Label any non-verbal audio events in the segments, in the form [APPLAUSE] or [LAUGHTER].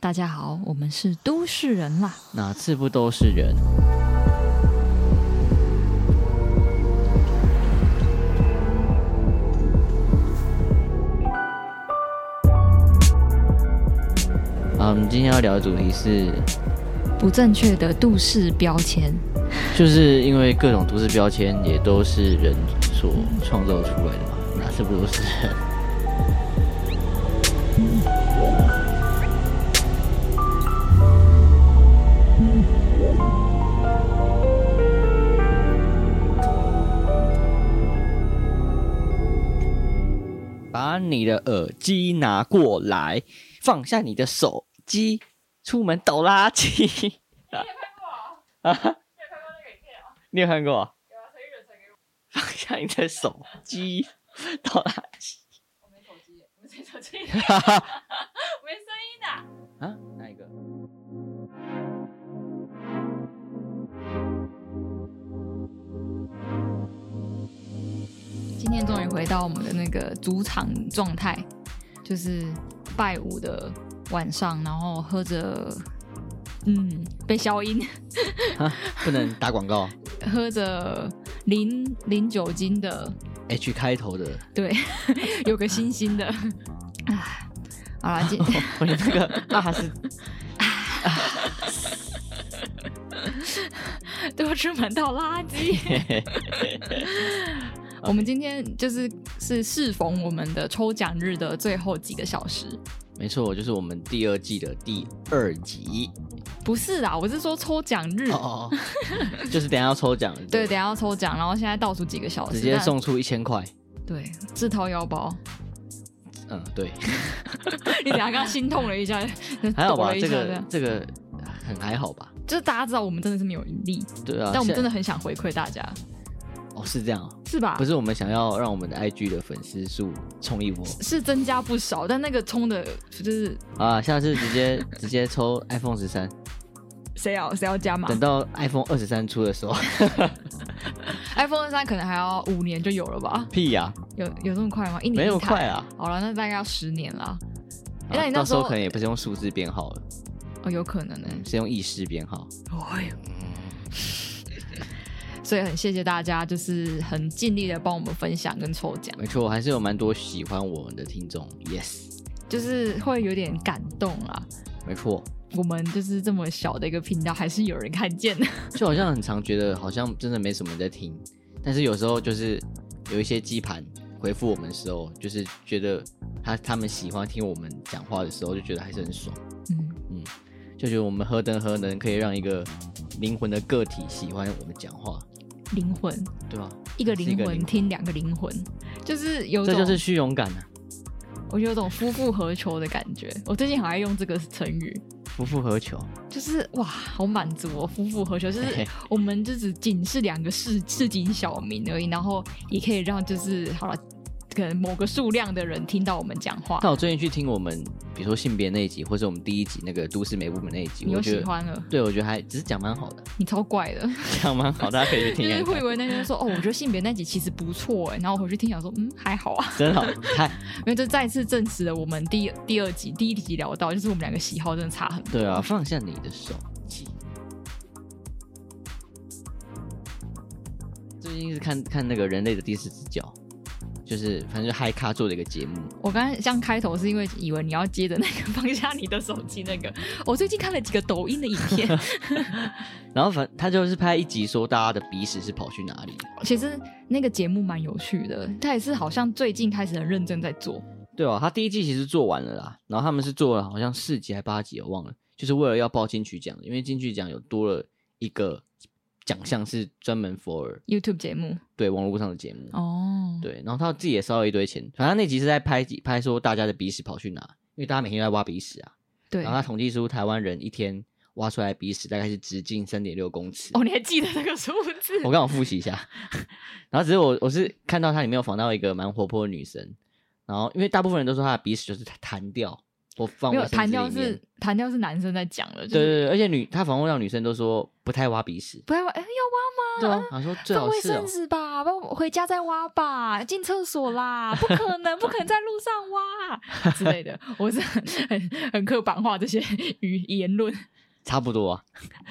大家好，我們是都市人啦。哪次不都是人？好，我們今天要聊的主題是不正確的都市標籤。就是因為各種都市標籤也都是人所創造出來的嘛，哪次不都是人？你的耳機拿過來，放下你的手機，出門倒垃圾。你有看過你有看過、啊、放下你的手機，倒垃圾。我沒，我沒手機， [LAUGHS] [LAUGHS] [LAUGHS] 沒手機。哈哈，沒聲音的、啊。啊，哪一個？今天終於回到我們的那個主場狀態，就是拜五的晚上，然後喝着，嗯，被消音，不能打廣告，喝着零零酒精的 H 開頭的，對，有個星星的， [LAUGHS] 啊，好了，今天我的這個啊是，啊， [LAUGHS] [LAUGHS] [LAUGHS] 都要出門倒垃圾。 [LAUGHS] Okay. 我們今天就是是適逢我們的抽獎日的最後幾個小時，沒錯，就是我們第二季的第二集，不是啦，我是說抽獎日，哦、oh, oh.， [LAUGHS] 就是等一下要抽獎， [LAUGHS] 對，等一下要抽獎，然後現在倒數幾個小時，直接送出一千塊，對，自掏腰包，嗯，對， [LAUGHS] [LAUGHS] 你等下剛剛心痛了一下，還好吧，這，這個這個很還好吧，就是大家知道我們真的是沒有盈利，對啊，但我們真的很想回饋大家。哦，是這樣、啊，是吧？不是我們想要讓我們的 IG 的粉絲數衝一波，是，是增加不少，但那個衝的就是啊，下次直接 [LAUGHS] 直接抽 iPhone 十三，誰要、啊、誰要加碼，等到 iPhone 二十三出的時候 [LAUGHS] [LAUGHS] ，iPhone 二十三可能還要五年就有了吧？屁呀、啊，有有這麼快嗎？一年？沒那麼快啊。好了，那大概要十年了、欸。那你那時候，、哦、到時候可能也不是用數字編號了，哦，有可能呢、欸，是用意識編號。哎呦， [LAUGHS] 所以很謝謝大家，就是很盡力的幫我們分享跟抽獎。沒錯，還是有蠻多喜歡我們的聽眾。Yes，就是會有點感動啊。沒錯，我們就是這麼小的一個頻道，還是有人看見的。就好像很常覺得好像真的沒什麼在聽，但是有時候就是有一些機盤回復我們的時候，就是覺得他他們喜歡聽我們講話的時候，就覺得還是很爽。嗯嗯，就覺得我們何德何能可以讓一個靈魂的個體喜歡我們講話。靈魂，對吧？一個靈魂，個靈魂聽兩個靈魂，就是有種，這就是虛榮感呢、啊。我有種夫復何求的感覺。我最近很愛用這個成語“夫復何求”，就是哇，好滿足哦！夫復何求，就是我們就只僅是兩個市市 [LAUGHS] 井小民而已，然後也可以讓就是好了。可能某個數量的人聽到我們講話。那我最近去聽我們，比如說性別那一集，或者是我們第一集那個都市美物門那一集，我覺喜歡了。對，我覺得還只是講蠻好的。你超怪的，講蠻好，大家可以去聽。 [LAUGHS] 就是會以為那天說 [LAUGHS] 哦，我覺得性別那集其實不錯哎，然後我回去聽小說嗯還好啊，真好，嗨 [LAUGHS] [LAUGHS] 。因為這再次證實了我們第第二集第一集聊到，就是我們兩個喜好真的差很多。對啊，放下你的手機。最近是看看那個人類的第四只腳。就是反正就嗨咖做的一個節目。我剛才像開頭是因為以為你要接着那個放下你的手機那個。我最近看了幾個抖音的影片 [LAUGHS] [LAUGHS] 然後反正他就是拍一集說大家的鼻屎是跑去哪裡。其實那個節目蠻有趣的，他也是好像最近開始很認真在做。對哦，他第一季其實做完了啦，然後他們是做了好像四集還八集我、哦、忘了，就是為了要報金曲獎，因為金曲獎有多了一個。獎項是專門 for YouTube 節目，對網絡上的節目哦，oh. 對，然後他自己也燒了一堆錢。反正他那集是在拍拍說大家的鼻屎跑去哪，因為大家每天都在挖鼻屎啊。對。然後他統計出台灣人一天挖出來的鼻屎大概是直徑三點六公尺。哦、oh，你還記得這個數字？我剛好複習一下。 [LAUGHS] [LAUGHS] 然後只是我我是看到他裡面有訪到一個蠻活潑的女生，然後因為大部分人都說她的鼻屎就是彈掉，我訪沒有彈掉，是彈掉是男生在講的、就是，對對，對，對，而且女他訪問到女生都說。不太挖鼻屎，不要哎，要挖嗎？對啊，啊他說衛生紙吧，不、哦、回家再挖吧，進廁所啦，不可能， [LAUGHS] 不可能在路上挖、啊、之類的，我是很很很刻板化這些語言論，差不多啊。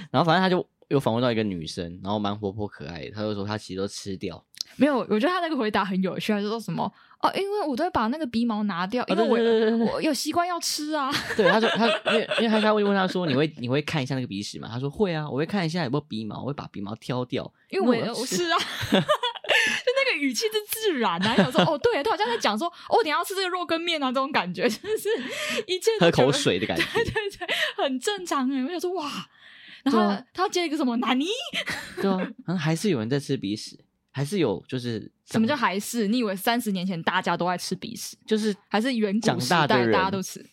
然後反正他就又訪問到一個女生，然後蠻活潑可愛的，他就說他其實都吃掉。沒有，我覺得他那個回答很有趣，他說什麼哦？因為我都會把那個鼻毛拿掉，因為我、哦、對對對對對我有習慣要吃啊。對，他說他因為，因為他他問問他說你會你會看一下那個鼻屎嗎？他說會啊，我會看一下有沒有鼻毛，我會把鼻毛挑掉，因為我我吃是啊。 [LAUGHS] 就那個語氣是自然的，然後有說哦，對、啊對，啊對啊，他好像在講說哦，等下要吃這個肉羹麵啊，這種感覺就是一陣喝口水的感覺，對對，對，很正常誒，我想說哇，然後他、啊、他接一個什麼？納尼、啊？對啊，還是有人在吃鼻屎。還是有，就是什麼叫還是？你以為三十年前大家都愛吃鼻屎，就是長還是遠古時代大家都吃，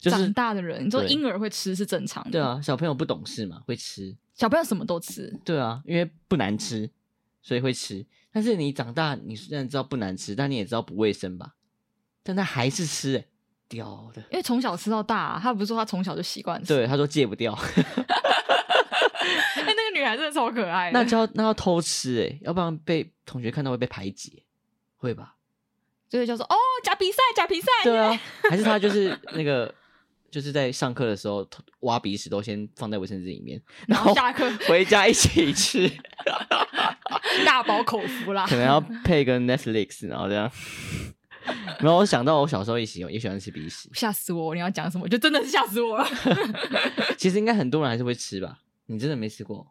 就是。長大的人，你說嬰兒會吃是正常的對，對啊，小朋友不懂事嘛，會吃。小朋友什麼都吃，對啊，因為不難吃，所以會吃。但是你長大，你雖然知道不難吃，但你也知道不衛生吧？但他還是吃，欸，屌的！因為從小吃到大，啊，他不是說他從小就習慣吃，對，他說戒不掉。 [LAUGHS] 啊、真的超可愛，那要那要偷吃，哎、欸，要不然被同學看到會被排擠，會吧？所以叫做哦，假比賽，假比賽、欸，對啊。還是他就是那個， [LAUGHS] 就是在上課的時候挖鼻屎都先放在衛生紙裡面，然後下課回家一起吃， [LAUGHS] [LAUGHS] 大飽口福啦。可能要配個 Netflix，然後這樣。 [LAUGHS] 然後我想到我小時候也喜歡也喜歡吃鼻屎，嚇死我！你要講什麼？就真的是嚇死我了。 [LAUGHS] [LAUGHS] 其實應該很多人還是會吃吧？你真的沒吃過？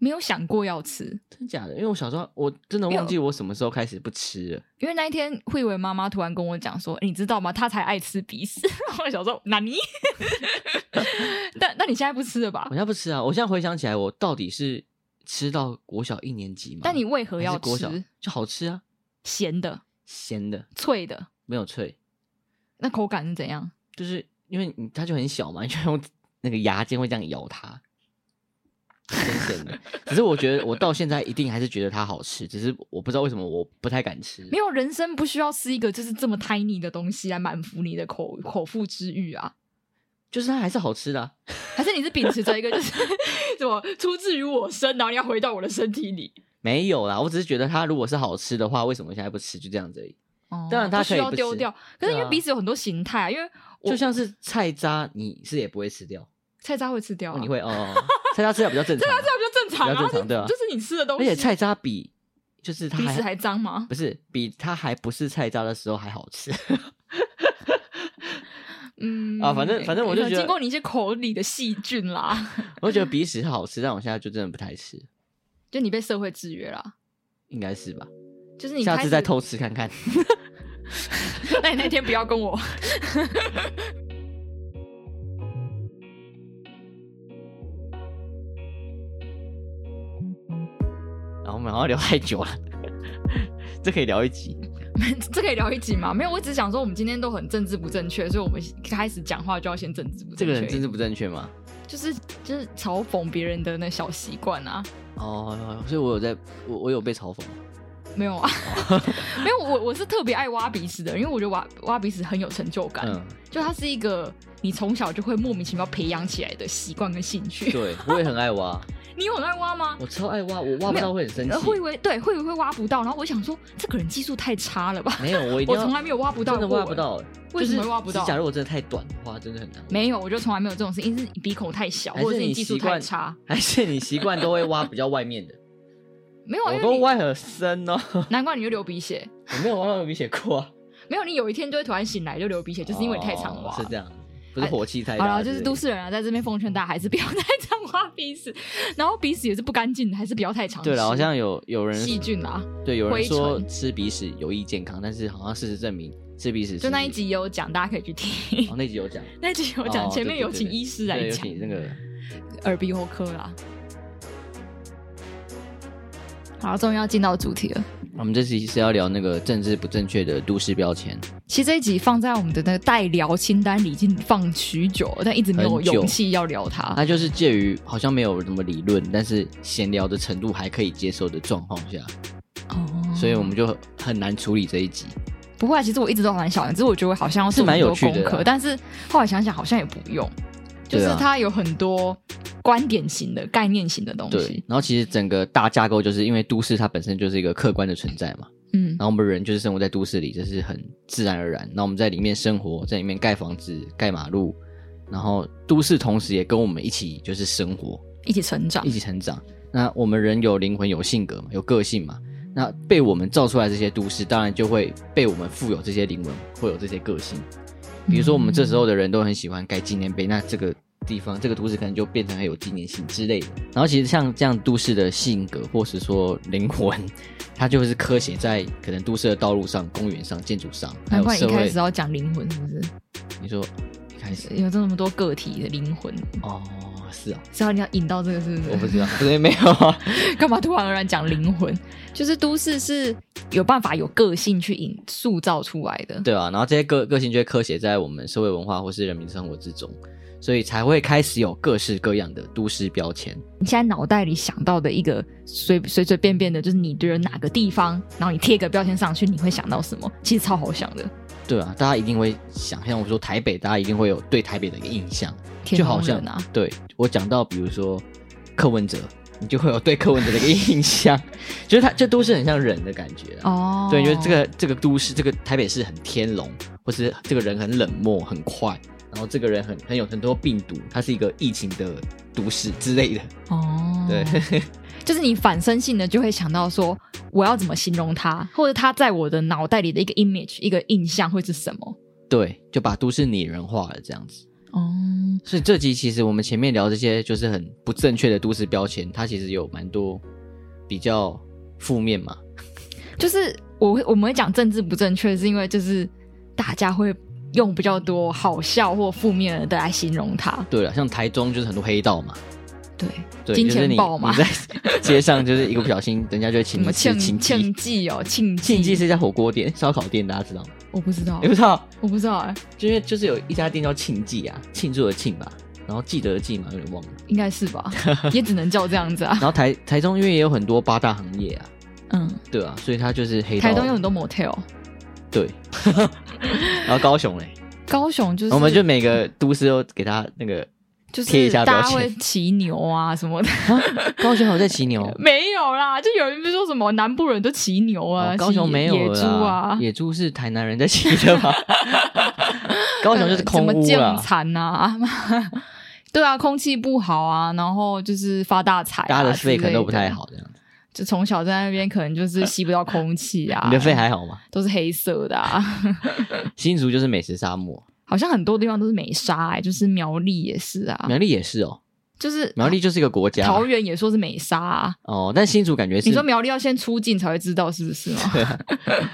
沒有想過要吃，真的假的？因為我小時候我真的忘記我什麼時候開始不吃了。因為那一天，慧文媽媽突然跟我講說：“你知道嗎？她才愛吃鼻屎。”我小時候，納尼？ [LAUGHS] [LAUGHS] [LAUGHS] [LAUGHS] [LAUGHS] [LAUGHS] [LAUGHS] 但那你現在不吃了吧？我現在不吃啊！我現在回想起來，我到底是吃到國小一年級嗎？但你為何要吃？國小就好吃啊！鹹的，鹹的，脆的，沒有脆。那口感是怎樣？就是因為你它就很小嘛，你就用那個牙尖會這樣咬它。真 [LAUGHS] 的，只是我覺得我到現在一定還是覺得它好吃，只是我不知道為什麼我不太敢吃。沒有人生不需要吃一個就是這麼胎膩的東西來滿足你的口口腹之欲啊，就是它還是好吃的，啊，還是你是秉持着一個就是 [LAUGHS] 什麼出自於我身，然後你要回到我的身體裡？沒有啦，我只是覺得它如果是好吃的話，為什麼現在不吃？就這樣子而已。嗯，當然它可以不吃，不需要丟掉，可是因為彼此有很多形態，啊，啊，因為我就像是菜渣，你是也不會吃掉。菜渣會吃掉。啊哦，你會哦？菜渣吃掉比較正常，啊， [LAUGHS] 菜渣這樣就正常啊，對啊，就是你吃的東西。而且菜渣比就是它還還髒嗎？不是，比它還不是菜渣的時候還好吃。 [LAUGHS] 嗯啊，反正反正我就覺得經過你一些口裡的細菌啦。 [LAUGHS] 我覺得鼻屎好吃，但我現在就真的不太吃。就你被社會制約了，應該是吧？就是你下次再偷吃看看。 [LAUGHS] [LAUGHS] 那你那天不要跟我。 [LAUGHS] 然後聊太久了，這可以聊一集，這可以聊一集嗎？沒有，我只想說我們今天都很政治不正確，所以我們一開始講話就要先政治不正確。這個很政治不正確嗎？就是就是嘲諷別人的那小習慣啊。哦，所以我有在，我我有被嘲諷。沒有啊， [LAUGHS] 沒有我我是特別愛挖鼻屎的，因為我覺得挖挖鼻屎很有成就感、嗯，就它是一個你從小就會莫名其妙培養起來的習慣跟興趣。對，我也很愛挖。 [LAUGHS] 你很愛挖嗎？我超愛挖，我挖不到會很生氣，呃會不會對會不會挖不到，然後我想說這個人技術太差了吧？沒有，我一定我從來沒有挖不到真的挖不到、欸就是，為什麼會挖不到？假如我真的太短的話，挖真的很難。沒有，我就從來沒有這種事，因為是你鼻孔太小，或者是你技術太差，還是你習慣都會挖比較外面的。 [LAUGHS] 沒有，不過歪很深哦。 [LAUGHS] 難怪你又流鼻血。我沒有挖到流鼻血過。 [LAUGHS] [LAUGHS] 沒有，你有一天就會突然醒來就流鼻血，哦、就是因為你太常了。是這樣，不是火氣太大是是、哎。好了、啊，就是都市人啊，在這邊奉勸大家，還是不要太常挖鼻屎，然後鼻屎也是不乾淨還是不要太常。對了，好像有有人細菌啊，對，有人說吃鼻屎有益健, [LAUGHS] 健康，但是好像事實證明吃鼻屎。就那一集有講，大家可以去聽。哦，那集有講。 [LAUGHS] 那集有講、哦，前面有請醫師來講那個耳鼻喉科啦。好，終於要進到主題了。我們這集是要聊那個政治不正確的都市標籤。其實這一集放在我們的那個待聊清單裡已經放許久了，但一直沒有勇氣要聊它。它就是介於好像沒有什麼理論，但是閒聊的程度還可以接受的狀況下。哦。所以我們就很難處理這一集。不會啊，其實我一直都蠻想，只是我覺得好像是蠻很多功課、啊，但是後來想想好像也不用，就是它有很多。觀點型的、概念型的東西。對，然後其實整個大架構就是因為都市它本身就是一個客觀的存在嘛，嗯，然後我們人就是生活在都市裡，就是很自然而然。那我們在裡面生活，在裡面蓋房子、蓋馬路，然後都市同時也跟我們一起就是生活、一起成長、一起成長。那我們人有靈魂、有性格嘛，有個性嘛，那被我們造出來這些都市，當然就會被我們賦予這些靈魂，會有這些個性。比如說，我們這時候的人都很喜歡蓋紀念碑，嗯，那這個。地方，這個都市可能就變成很有紀念性之類的。然後，其實像這樣都市的性格，或是說靈魂，它就是刻寫在可能都市的道路上、公園上、建築上，還有社會。不一開始要講靈魂是不是？你說一開始有這麼多個體的靈魂哦，是啊，是要、啊、你要引到這個是不是？我不知道，不對，沒有、啊，幹 [LAUGHS] 嘛突然而然講靈魂？就是都市是有辦法有個性去引塑造出來的，對啊，然後這些個個性就會刻寫在我們社會文化或是人民生活之中。所以才會開始有各式各樣的都市標籤。你現在腦袋裡想到的一個隨隨隨便便的，就是你覺得哪個地方，然後你貼個標籤上去，你會想到什麼？其實超好想的。對啊，大家一定會想象我說台北，大家一定會有對台北的一個印象，啊、就好像啊，對我講到比如說柯文哲，你就會有對柯文哲的一個印象， [LAUGHS] 就，就是他這都市很像人的感覺哦。對，覺、就、得、是、這個這個都市，這個台北市很天龍，或是這個人很冷漠、很快。然後這個人很很有很多病毒，他是一個疫情的都市之類的。哦、oh，對， [LAUGHS] 就是你反身性的就會想到說，我要怎麼形容他，或者他在我的腦袋裡的一個 image 一個印象會是什麼？對，就把都市擬人化了這樣子。哦、oh。所以這集其實我們前面聊這些就是很不正確的都市標籤，它其實有蠻多比較負面嘛。就是我會我們會講政治不正確，是因為就是大家會。用比較多好笑或負面的來形容它。對了，像台中就是很多黑道嘛，對，對金錢豹嘛，就是，在街上就是一個不小心， [LAUGHS] 人家就會請請慶記哦，請慶記是一家火鍋店、燒烤店，大家知道嗎？我不知道，你不知道，我不知道哎，欸，就因為就是有一家店叫慶記啊，慶祝的慶吧，然後記得的記嘛，有點忘了，應該是吧， [LAUGHS] 也只能叫這樣子啊。然後台台中因為也有很多八大行業啊，嗯，對啊，所以它就是黑道，台中有很多 motel。對， [LAUGHS] 然後高雄嘞，高雄就是我們就每個都市都給他那個貼一下，就是大家會騎牛啊什麼的。啊、高雄好像在騎牛， [LAUGHS] 沒有啦，就有人不是說什麼南部人都騎牛啊、哦，高雄沒有野豬啊，野豬是台南人在騎的嗎 [LAUGHS] 高雄就是什、呃、麼建廠啊， [LAUGHS] 對啊，空氣不好啊，然後就是發大財、啊，大家的肺可能都不太好這樣就從小在那邊，可能就是吸不到空氣啊。 [LAUGHS] 你的肺還好嗎？都是黑色的，啊。 [LAUGHS] 新竹就是美食沙漠，好像很多地方都是美沙，哎、欸，就是苗栗也是啊，苗栗也是哦，就是苗栗就是一個國家，啊。桃園也說是美沙，啊、哦，但新竹感覺是你說苗栗要先出境才會知道，是不是哦，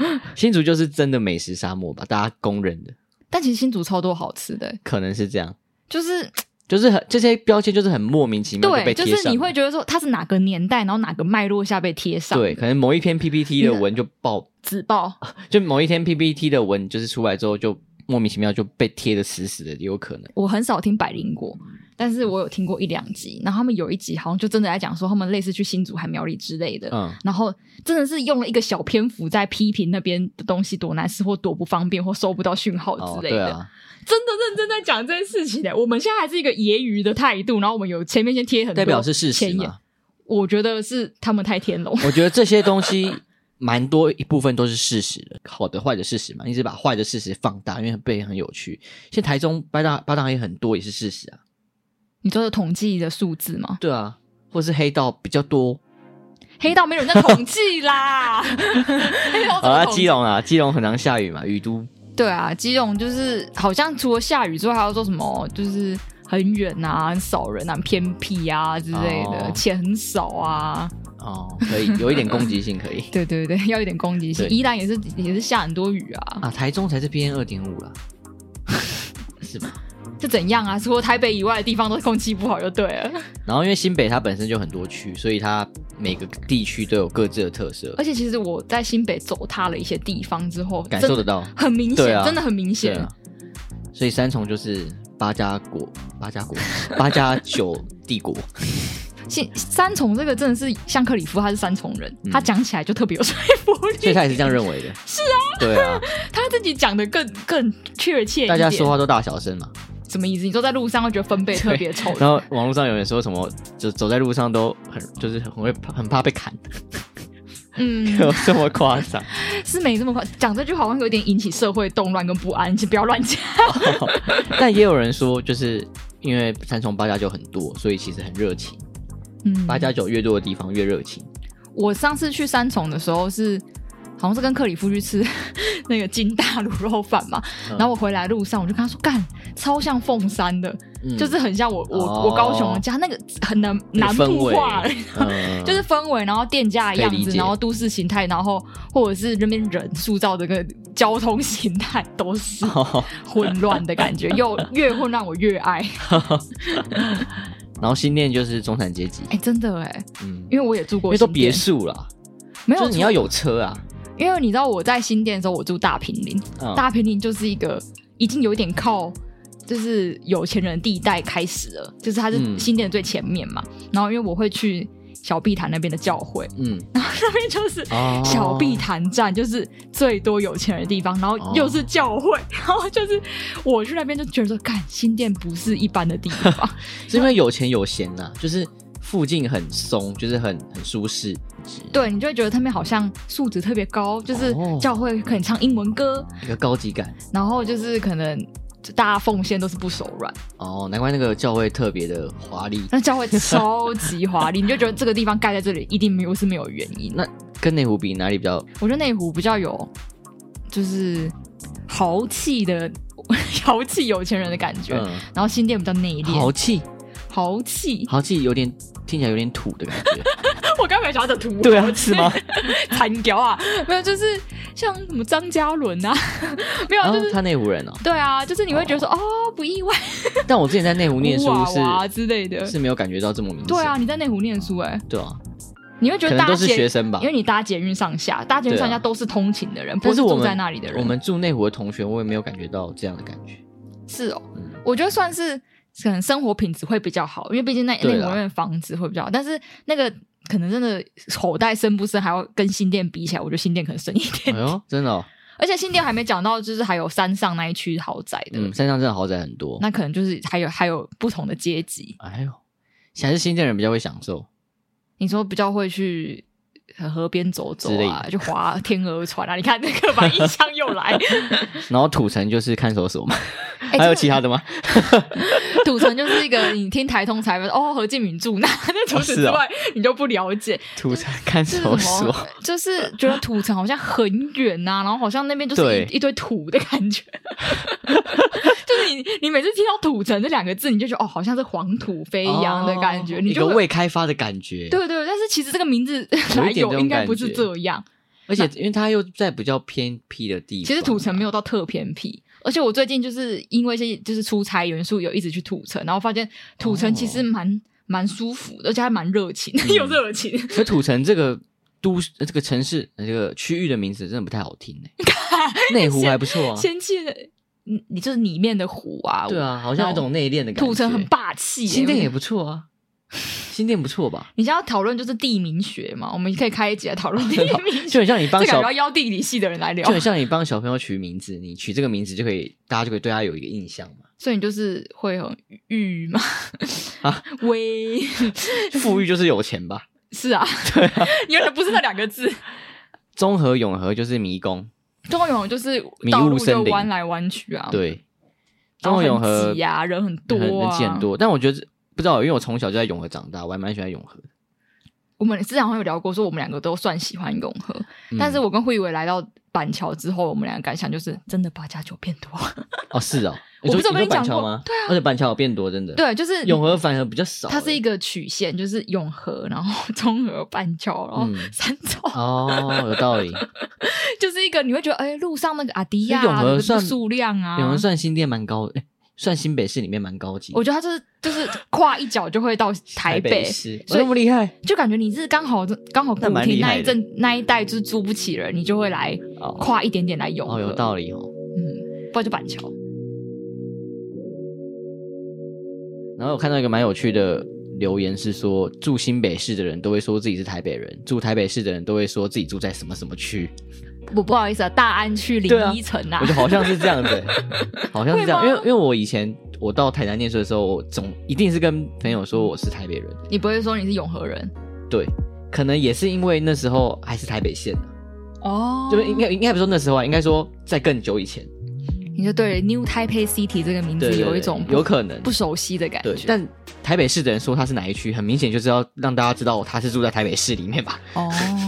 [LAUGHS] [LAUGHS] 新竹就是真的美食沙漠吧，大家公認的。但其實新竹超多好吃的，欸，可能是這樣，就是。就是很這些標籤，就是很莫名其妙。對，就是你會覺得說它是哪個年代，然後哪個脈絡下被貼上。對，可能某一篇 PPT 的文就爆，只爆 [LAUGHS] 就某一天 PPT 的文就是出來之後，就莫名其妙就被貼的死死的，也有可能。我很少聽百靈果，但是我有聽過一兩集，然後他們有一集好像就真的在講說他們類似去新竹還苗栗之類的，嗯，然後真的是用了一個小篇幅在批評那邊的東西多難吃或多不方便或收不到訊號之類的。哦真的認真在講這件事情的、欸，我們現在還是一個揶揄的態度。然後我們有前面先貼很多，代表是事實嗎？我覺得是他們太天龍。我覺得這些東西蠻多一部分都是事實的，好的壞的事實嘛，一直把壞的事實放大，因為背很，很有趣。現在台中八大八大也很多，也是事實啊。你做的統計的數字嗎？對啊，或是黑道比較多，黑道沒有人在統計啦。啊， [LAUGHS] [LAUGHS] 好基隆啊，基隆很常下雨嘛，雨都。對啊，基隆就是好像除了下雨之外，還要做什麼？就是很遠啊，很少人啊，偏僻啊之類的，錢、哦、很少啊。哦，可以有一點攻擊性，可以。 [LAUGHS] 對對對，要一點攻擊性。宜蘭也是也是下很多雨啊。啊，台中才是 PM 二點五了， [LAUGHS] 是嗎？是怎樣啊？除了台北以外的地方都是空氣不好，就對了。然後因為新北它本身就很多區，所以它每個地區都有各自的特色。而且其實我在新北走踏了一些地方之後，感受得到，很明顯、啊，真的很明顯、啊。所以三重就是八家國，八家國，八家九帝國。 [LAUGHS] 新三重這個真的是像克里夫，他是三重人，嗯、他講起來就特別有說服力。所以他也是這樣認為的。 [LAUGHS] 是啊，對啊， [LAUGHS] 他自己講的更更確切一點。大家說話都大小聲嘛。什麼意思？你走在路上會覺得分貝特別臭。然後網絡上有人說什麼，就走在路上都很就是很會很怕被砍。 [LAUGHS] 嗯，有這麼誇張？是沒這麼誇。講這句話好像有點引起社會動亂跟不安，請不要亂講、哦。但也有人說，就是因為三重八加九很多，所以其實很熱情。嗯，八加九越多的地方越熱情、嗯。我上次去三重的時候是。好像是跟克里夫去吃那個金大滷肉飯嘛，然後我回來路上我就跟他說：“幹，超像鳳山的、嗯，就是很像我我、哦、我高雄家那個很難南南部化、嗯，就是氛圍，然後店家的樣子，然後都市形態，然後或者是那邊人塑造這個交通形態都是混亂的感覺，哦、 [LAUGHS] 又越混亂我越愛。 [LAUGHS] 然後新店就是中產階級，哎、欸，真的哎、欸，嗯，因為我也住過，別說別墅了，沒有，你要有車啊。”因為你知道我在新店的時候，我住大坪林、哦，大坪林就是一個已經有點靠，就是有錢人的地帶開始了，就是它是新店的最前面嘛、嗯。然後因為我會去小碧潭那邊的教會，嗯，然後那邊就是小碧潭站，就是最多有錢人地方、哦，然後又是教會、哦，然後就是我去那邊就覺得說，看新店不是一般的地方，呵呵是因為有錢有閒吶、啊，就是。附近很鬆，就是很很舒適。對，你就會覺得他們好像素質特別高，就是教會可以唱英文歌，哦，一個高級感。然後就是可能大家奉獻都是不手軟。哦，難怪那個教會特別的華麗。那教會超級華麗， [LAUGHS] 你就覺得這個地方蓋在這裡一定沒有是沒有原因。那跟內湖比，哪裡比較？我覺得內湖比較有就是豪氣的豪氣有錢人的感覺，嗯，然後新店比較內斂。豪氣。豪氣，豪氣有點聽起來有點土的感覺。 [LAUGHS] 我剛才講的土、啊，對啊，是嗎？殘 [LAUGHS] 膠啊，沒有，就是像什麼張嘉倫啊， [LAUGHS] 沒有，就是、哦、他內湖人哦。對啊，就是你會覺得說哦，哦，不意外。 [LAUGHS] 但我之前在內湖念書是哇哇之類的，是沒有感覺到這麼明顯。對啊，你在內湖念書、欸，哎、哦，對啊，你會覺得大家都是學生吧？因為你搭捷運上下，搭捷運上下都是通勤的人，啊、不是住在那裡的人。我們，我們住內湖的同學，我也沒有感覺到這樣的感覺。是哦，嗯、我覺得算是。可能生活品質會比較好，因為畢竟那那裡面的房子會比較好，但是那個可能真的口袋深不深，還要跟新店比起來，我覺得新店可能深一點點。哎呦，真的哦！而且新店還沒講到，就是還有山上那一區豪宅的。嗯，山上真的豪宅很多。那可能就是還有還有不同的階級。哎呦，還是新店人比較會享受。你說比較會去。河邊走走啊，就划天鵝船啊！你看那個，一槍又來。 [LAUGHS] 然後土城就是看守所嘛、欸。還有其他的嗎？ [LAUGHS] 土城就是一個，你聽台通採訪，哦，何建明住那，那除此之外、哦哦、你就不了解。土城看守所、就是、是就是覺得土城好像很遠吶、啊，然後好像那邊就是一,一堆土的感覺。 [LAUGHS] 就是你你每次聽到土城這兩個字，你就覺得哦，好像是黃土飛揚的感覺，哦、你就未開發的感覺。對，對對，但是其實這個名字有一點。應該不是這樣，而且因為它又在比較偏僻的地方。其實土城沒有到特偏僻，而且我最近就是因為一些就是出差元素有一直去土城，然後發現土城其實蠻蠻、哦、舒服，而且還蠻熱情、嗯、 [LAUGHS] 情，有熱情。可土城這個都市，這個城市這個區域的名字真的不太好聽內、欸、 [LAUGHS] 湖還不錯啊。嫌棄你你就是裡面的湖啊？對啊，好像有種內斂的感覺。土城很霸氣、欸，新店也不錯啊。新店不錯吧？你想要討論就是地名學嘛，我們可以開一集討論地名學 [LAUGHS] 就很像你幫小要邀地理系的人來聊。就很像你幫小朋友取名字，你取這個名字就可以，大家就可以對他有一個印象嘛。所以你就是會很欲嗎嘛？啊，微富裕就是有錢吧？是啊，對啊，你有點不是那兩個字。中和永和就是迷宮，中和永和就是，迷宮和和就是迷宮迷道路又彎來彎去啊。對，中和、啊、永和擠呀，人很多、啊很，人很多。但我覺得。不知道，因為我從小就在永和長大，我還蠻喜歡永和，我們之前有聊過，說我們兩個都算喜歡永和，嗯、但是我跟惠偉來到板橋之後，我們兩個感想就是真的八加九變多了。哦，是哦，欸、我不是跟你們講過嗎？對啊，而且板橋變多，真的。對，就是永和反而比較少。它是一個曲線，就是永和，然後中和、板橋，然後三重、嗯。哦，有道理。 [LAUGHS] 就是一個你會覺得，哎，路上那個阿迪亞、啊，永和算、那個、數量啊，永和算新店蠻高的。算新北市裡面蠻高級的， [LAUGHS] 我覺得他就是就是跨一腳就會到台北，是那麼厲害，就感覺你是剛好剛好夠聽那一陣那一帶就租不起人，你就會來跨一點點來用、哦，哦，有道理哦，嗯，不然就板橋。然後我看到一個蠻有趣的留言是說，住新北市的人都會說自己是台北人，住台北市的人都會說自己住在什麼什麼區。我不好意思啊，大安區零一層啊，啊，我就好像是這樣子、欸， [LAUGHS] 好像是這樣，因為因為我以前我到台南念書的時候，我總一定是跟朋友說我是台北人，你不會說你是永和人，對，可能也是因為那時候還是台北縣呢、啊，哦、oh，就應該應該不是說那時候啊，應該說在更久以前，你就對 New Taipei City 這個名字對對對有一種有可能不熟悉的感覺對對對，但台北市的人說他是哪一區，很明顯就是要讓大家知道他是住在台北市裡面吧，哦、oh。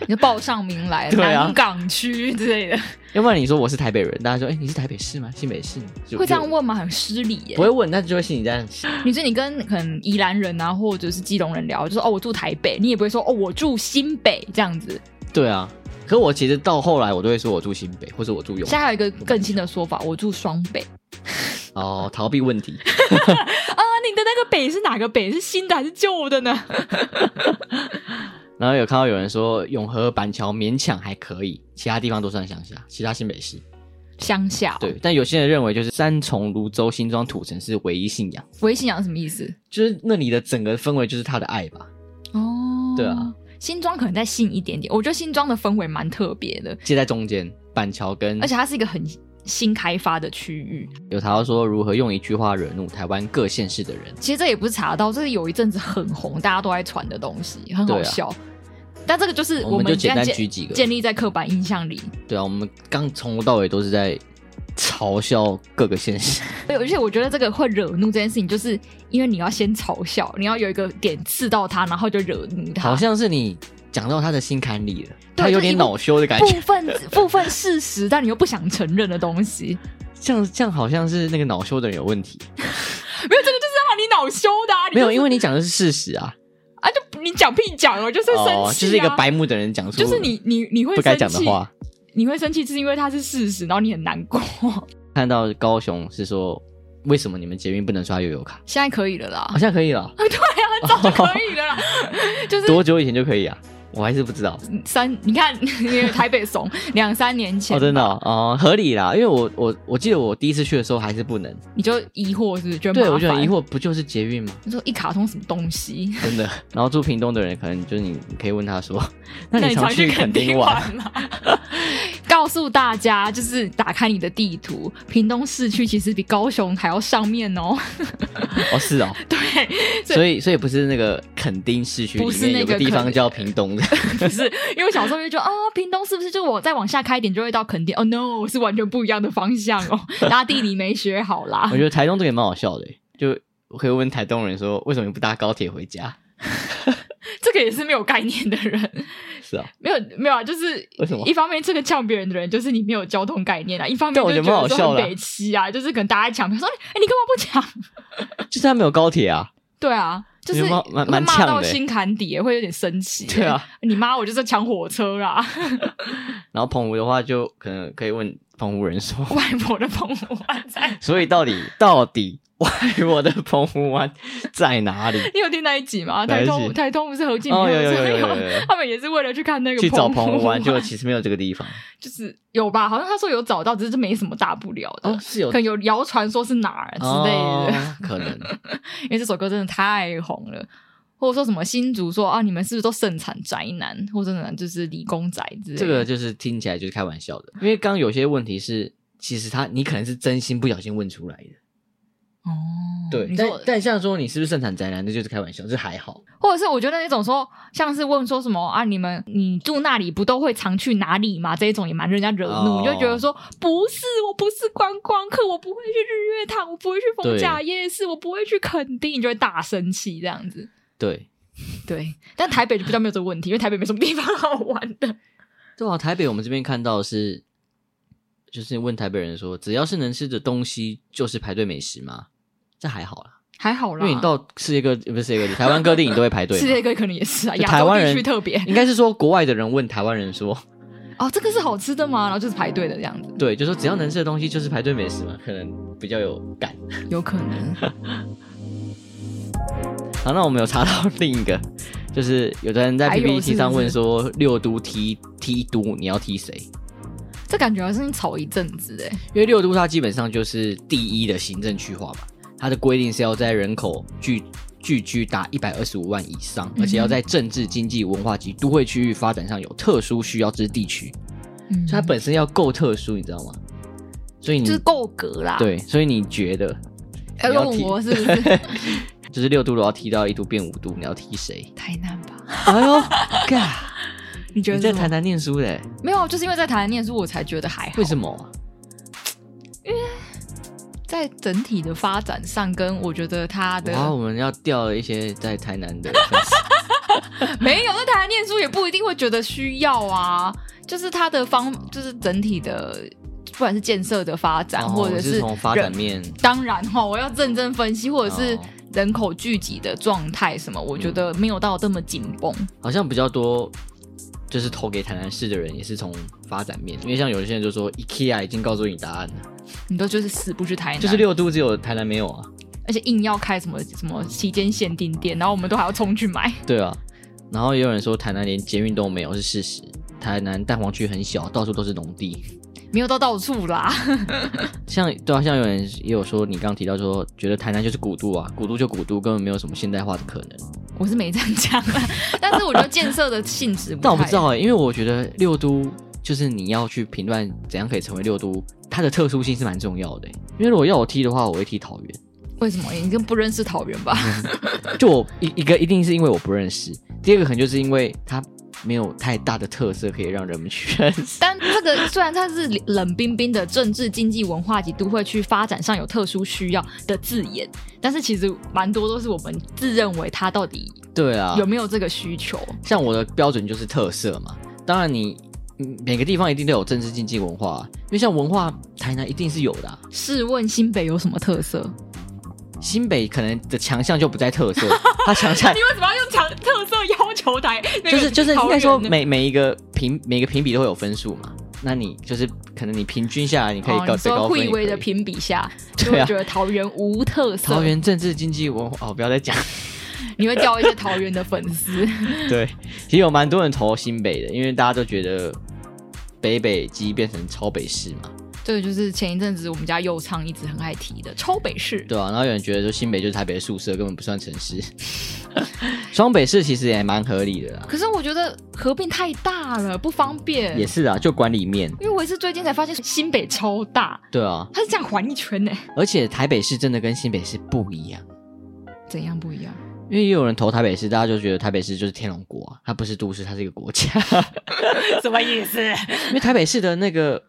[LAUGHS] 你就報上名來，對啊，南港區之類的。要不然你說我是台北人，大家說，哎、欸，你是台北市嗎？新北市會這樣問嗎？很失禮耶。不會問，但就會心裡這樣想。你說你跟可能宜蘭人啊，或者是基隆人聊，就說，是，哦，我住台北，你也不會說哦，我住新北這樣子。對啊，可我其實到後來，我都會說我住新北，或者我住永。下還有一個更新的說法，我，我住雙北。 [LAUGHS] 哦，逃避問題。 [LAUGHS] [LAUGHS] 啊，你的那個北是哪個北？是新的還是舊的呢？ [LAUGHS] 然後有看到有人說永和板橋勉強還可以，其他地方都算鄉下，其他新北市鄉下。對，但有些人認為就是三重、蘆洲新莊、土城是唯一信仰。唯一信仰是什麼意思？就是那裡的整個氛圍就是他的愛吧。哦，對啊，新莊可能再近一點點，我覺得新莊的氛圍蠻特別的，介在中間，板橋跟，而且它是一個很。新開發的區域，有查到說如何用一句話惹怒台灣各縣市的人，其實這也不是查得到，這是有一陣子很紅，大家都在傳的東西，很好笑。啊、但這個就是我們，我們就簡單舉幾個，建立在刻板印象裡。對啊，我們剛從頭到尾都是在嘲笑各個縣市。對，而且我覺得這個會惹怒這件事情，就是因為你要先嘲笑，你要有一個點刺到他，然後就惹怒他。好像是你。講到他的心坎裡了，他有點惱羞的感覺。部分 [LAUGHS] 部分事實，但你又不想承認的東西，像像好像是那個惱羞的人有問題。 [LAUGHS] 沒有這個，就是讓、啊、你惱羞的、啊就是。沒有，因為你講的是事實啊啊！就你講屁講哦，就是生氣、啊啊，就是一個白目的人講出。就是你你你會不該講的話，你會生氣，生氣是因為他是事實，然後你很難過。 [LAUGHS] 看到高雄是說，為什麼你們捷運不能刷悠遊卡？現在可以了啦，好、哦、像可以了、啊。 [LAUGHS] 對啊，早就可以了、哦。就是多久以前就可以啊？我還是不知道。三，你看，因為台北慫，兩 [LAUGHS] 三年前。哦，真的哦，嗯，合理啦，因為我我我記得我第一次去的時候還是不能。你就疑惑是不是？對，我覺得疑惑不就是捷運嘛。你說一卡通什麼東西？真的。然後住屏東的人可能就是你可以問他說：“ [LAUGHS] 那你常去墾丁玩嗎？” [LAUGHS] 告訴大家，就是打開你的地圖，屏東市區其實比高雄還要上面哦。 [LAUGHS] 哦，是哦。對，所以所以，所以不是那個墾丁市區裡面，不是那個，有個地方叫屏東的。 [LAUGHS] 不是，因為小時候就就啊，屏東是不是就我再往下開一點就會到墾丁？哦、oh，no，我是完全不一樣的方向哦，大家地理沒學好啦。 [LAUGHS] 我覺得台東這個也蠻好笑的，就我可以問台東人說，為什麼你不搭高鐵回家？ [LAUGHS] 這個也是沒有概念的人。是啊，沒有沒有啊，就是為什麼一方面這個嗆別人的人，就是你沒有交通概念啊；一方面就是覺得說很北七啊，就是可能大家搶別人，票，說哎，你幹嘛不搶？就是他沒有高鐵啊。對啊，就是，是罵到心坎底、欸，會有點生氣、欸。對啊，你媽，我就是搶火車啊。 [LAUGHS] 然後澎湖的話，就可能可以問澎湖人說，外婆的澎湖灣在。所以到底到底。 [LAUGHS] 我的澎湖灣在哪裡？你有聽那一集嗎？起台東，台東不是侯進平說，他們也是為了去看那個澎湖灣。結果其實沒有這個地方，嗯，就是有吧？好像他說有找到，只是沒什麼大不了的。哦，是有，可能有謠傳說是哪兒之，哦，類的，可能 [LAUGHS] 因為這首歌真的太紅了，或者說什麼新竹說啊，你們是不是都盛產宅男，或者呢，就是理工宅之類的。這個就是聽起來就是開玩笑的，因為剛剛有些問題是，其實他你可能是真心不小心問出來的。哦、oh,，對，你說但但像說你是不是盛產宅男，那就是開玩笑，這、就是、還好。或者是我覺得那種說，像是問說什麼啊，你們你住那裡不都會常去哪裡嗎？這一種也蠻人家惹怒，oh. 我就覺得說不是，我不是觀光客，我不會去日月潭，我不會去逢甲夜市，我不會去墾丁，你就會大生氣這樣子。對，對，但台北就比較沒有這個問題，因為台北沒什麼地方好玩的。 [LAUGHS] 對啊，台北我們這邊看到的是，就是問台北人說，只要是能吃的東西，就是排隊美食嗎？那還好啦，還好啦。因為你到世界各地，不是世界各地，台灣各地你都會排隊。 [LAUGHS] 世界各地可能也是啊，台灣人。地區特別。應該是說，國外的人問台灣人說：“哦，這個是好吃的嗎？”然後就是排隊的這樣子。對，就說只要能吃的東西就是排隊美食嘛、嗯，可能比較有感。有可能。 [LAUGHS] 好，那我們有查到另一個， [LAUGHS] 就是有的人在 PPT 上問說：“是是六都踢踢都，你要踢誰？”這感覺好像是吵一陣子哎。因為六都它基本上就是第一的行政區劃嘛。它的規定是要在人口聚聚居達一百二十五萬以上，而且要在政治、經濟、文化及都會區域發展上有特殊需要之地區。嗯，所以它本身要夠特殊，你知道嗎？所以你就是夠格啦。對，所以你覺得你要我是不是？ [LAUGHS] 就是六都，我要踢到一都變五都，你要踢誰？太難吧？ [LAUGHS] 哎呦嘎！你覺得你在台南念書咧？沒有，就是因為在台南念書，我才覺得還好。為什麼、啊？在整體的發展上，跟我覺得他的，然後我們要調一些在台南的， [LAUGHS] [LAUGHS] 沒有，那台南念書也不一定會覺得需要啊。就是他的方，就是整體的，不管是建設的發展，哦、或者是，是從發展面，當然哈、哦，我要認真分析，或者是人口聚集的狀態什麼，哦、我覺得沒有到這麼緊繃，嗯、好像比較多。就是投給台南市的人，也是從發展面，因為像有些人就說 IKEA 已經告訴你答案了，你都就是死不去台南。就是六都，只有台南沒有啊。而且硬要開什麼什麼期間限定店，然後我們都還要衝去買。對啊，然後也有人說台南連捷運都沒有，是事實。台南蛋黃區很小，到處都是農地，沒有到到處啦。 [LAUGHS] 像對啊，像有人也有說，你剛剛提到說，覺得台南就是古都啊，古都就古都，根本沒有什麼現代化的可能。我是沒這樣講，但是我覺得建設的性質。 [LAUGHS] 但我不知道欸，因為我覺得六都就是你要去評斷怎樣可以成為六都，它的特殊性是蠻重要的欸。因為如果要我踢的話，我會踢桃園。為什麼？你應該不認識桃園吧？ [LAUGHS] 就我一一個一定是因為我不認識，第二個可能就是因為它。沒有太大的特色可以讓人們去認識，但這個雖然它是冷冰冰的政治、經濟、文化及都會區發展上有特殊需要的字眼，但是其實蠻多都是我們自認為它到底對啊有沒有這個需求，啊？像我的標準就是特色嘛。當然你每個地方一定都有政治、經濟、文化啊，因為像文化，台南一定是有的啊。試問新北有什麼特色？新北可能的強項就不在特色， [LAUGHS] 他強項。你為什麼要用強特色要求他？就是就是應該說每每一個評每個評比都會有分數嘛？那你就是可能你平均下來你可以高最高分。所、哦、謂的評比下，會比下啊、就會覺得桃園無特色。桃園政治經濟文化哦，不要再講， [LAUGHS] 你會掉一些桃園的粉絲。 [LAUGHS] 對，其實有蠻多人投新北的，因為大家都覺得北北基變成超北市嘛。這個就是前一陣子我們家佑昌一直很愛提的超北市，對啊，然後有人覺得說新北就是台北的宿舍，根本不算城市。雙 [LAUGHS] 北市其實也蠻合理的啦，可是我覺得合併太大了，不方便。也是啊，就管理面。因為我也是最近才發現新北超大，對啊，它是這樣環一圈呢，欸。而且台北市真的跟新北市不一樣。怎樣不一樣？因為也有人投台北市，大家就覺得台北市就是天龍國啊，它不是都市，它是一個國家。 [LAUGHS] [LAUGHS] 什麼意思？因為台北市的那個。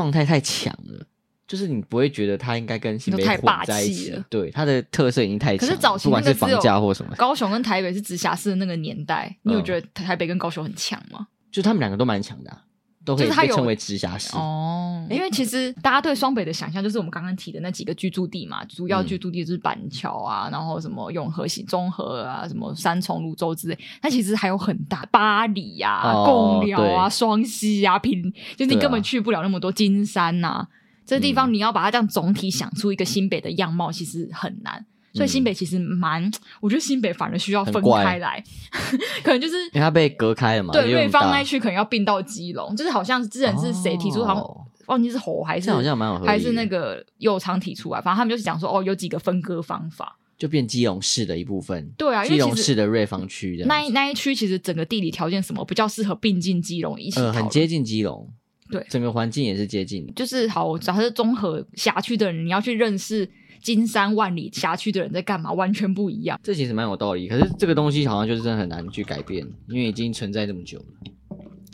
狀態太強了，就是你不會覺得他應該跟新北混在一起了。對，他的特色已經太強了，可是早期不管是房價或什麼。高雄跟台北是直轄市的那個年代，你有覺得台北跟高雄很強嗎？嗯，就他們兩個都蠻強的啊。都可以被稱為就是它有直轄市哦、欸，因為其實大家對雙北的想象就是我們剛剛提的那幾個居住地嘛，主要居住地就是板橋啊、嗯，然後什麼永和、新中和啊，什麼三重、蘆洲之類。它其實還有很大八裡呀、啊、貢、哦、寮啊、雙溪啊、平，就是你根本去不了那麼多。金山吶、啊啊，這個、地方你要把它這樣總體想出一個新北的樣貌，其實很難。所以新北其實蠻、嗯，我覺得新北反而需要分開來，開 [LAUGHS] 可能就是因為它被隔開了嘛。對，瑞芳那一區可能要併到基隆，就是好像之前是誰提出，哦、好像忘記是侯還是好像蠻有還是那個友昌提出來，反正他們就是講說哦，有幾個分割方法，就變基隆市的一部分。對啊，因為基隆市的瑞芳區那一那一區其實整個地理條件什麼比較適合併進基隆一起、呃、很接近基隆，對，整個環境也是接近。就是好，只要是綜合轄區的人，你要去認識。金山萬里轄區的人在幹嘛？完全不一樣。這其實蠻有道理，可是這個東西好像就是真的很難去改變，因為已經存在這麼久了。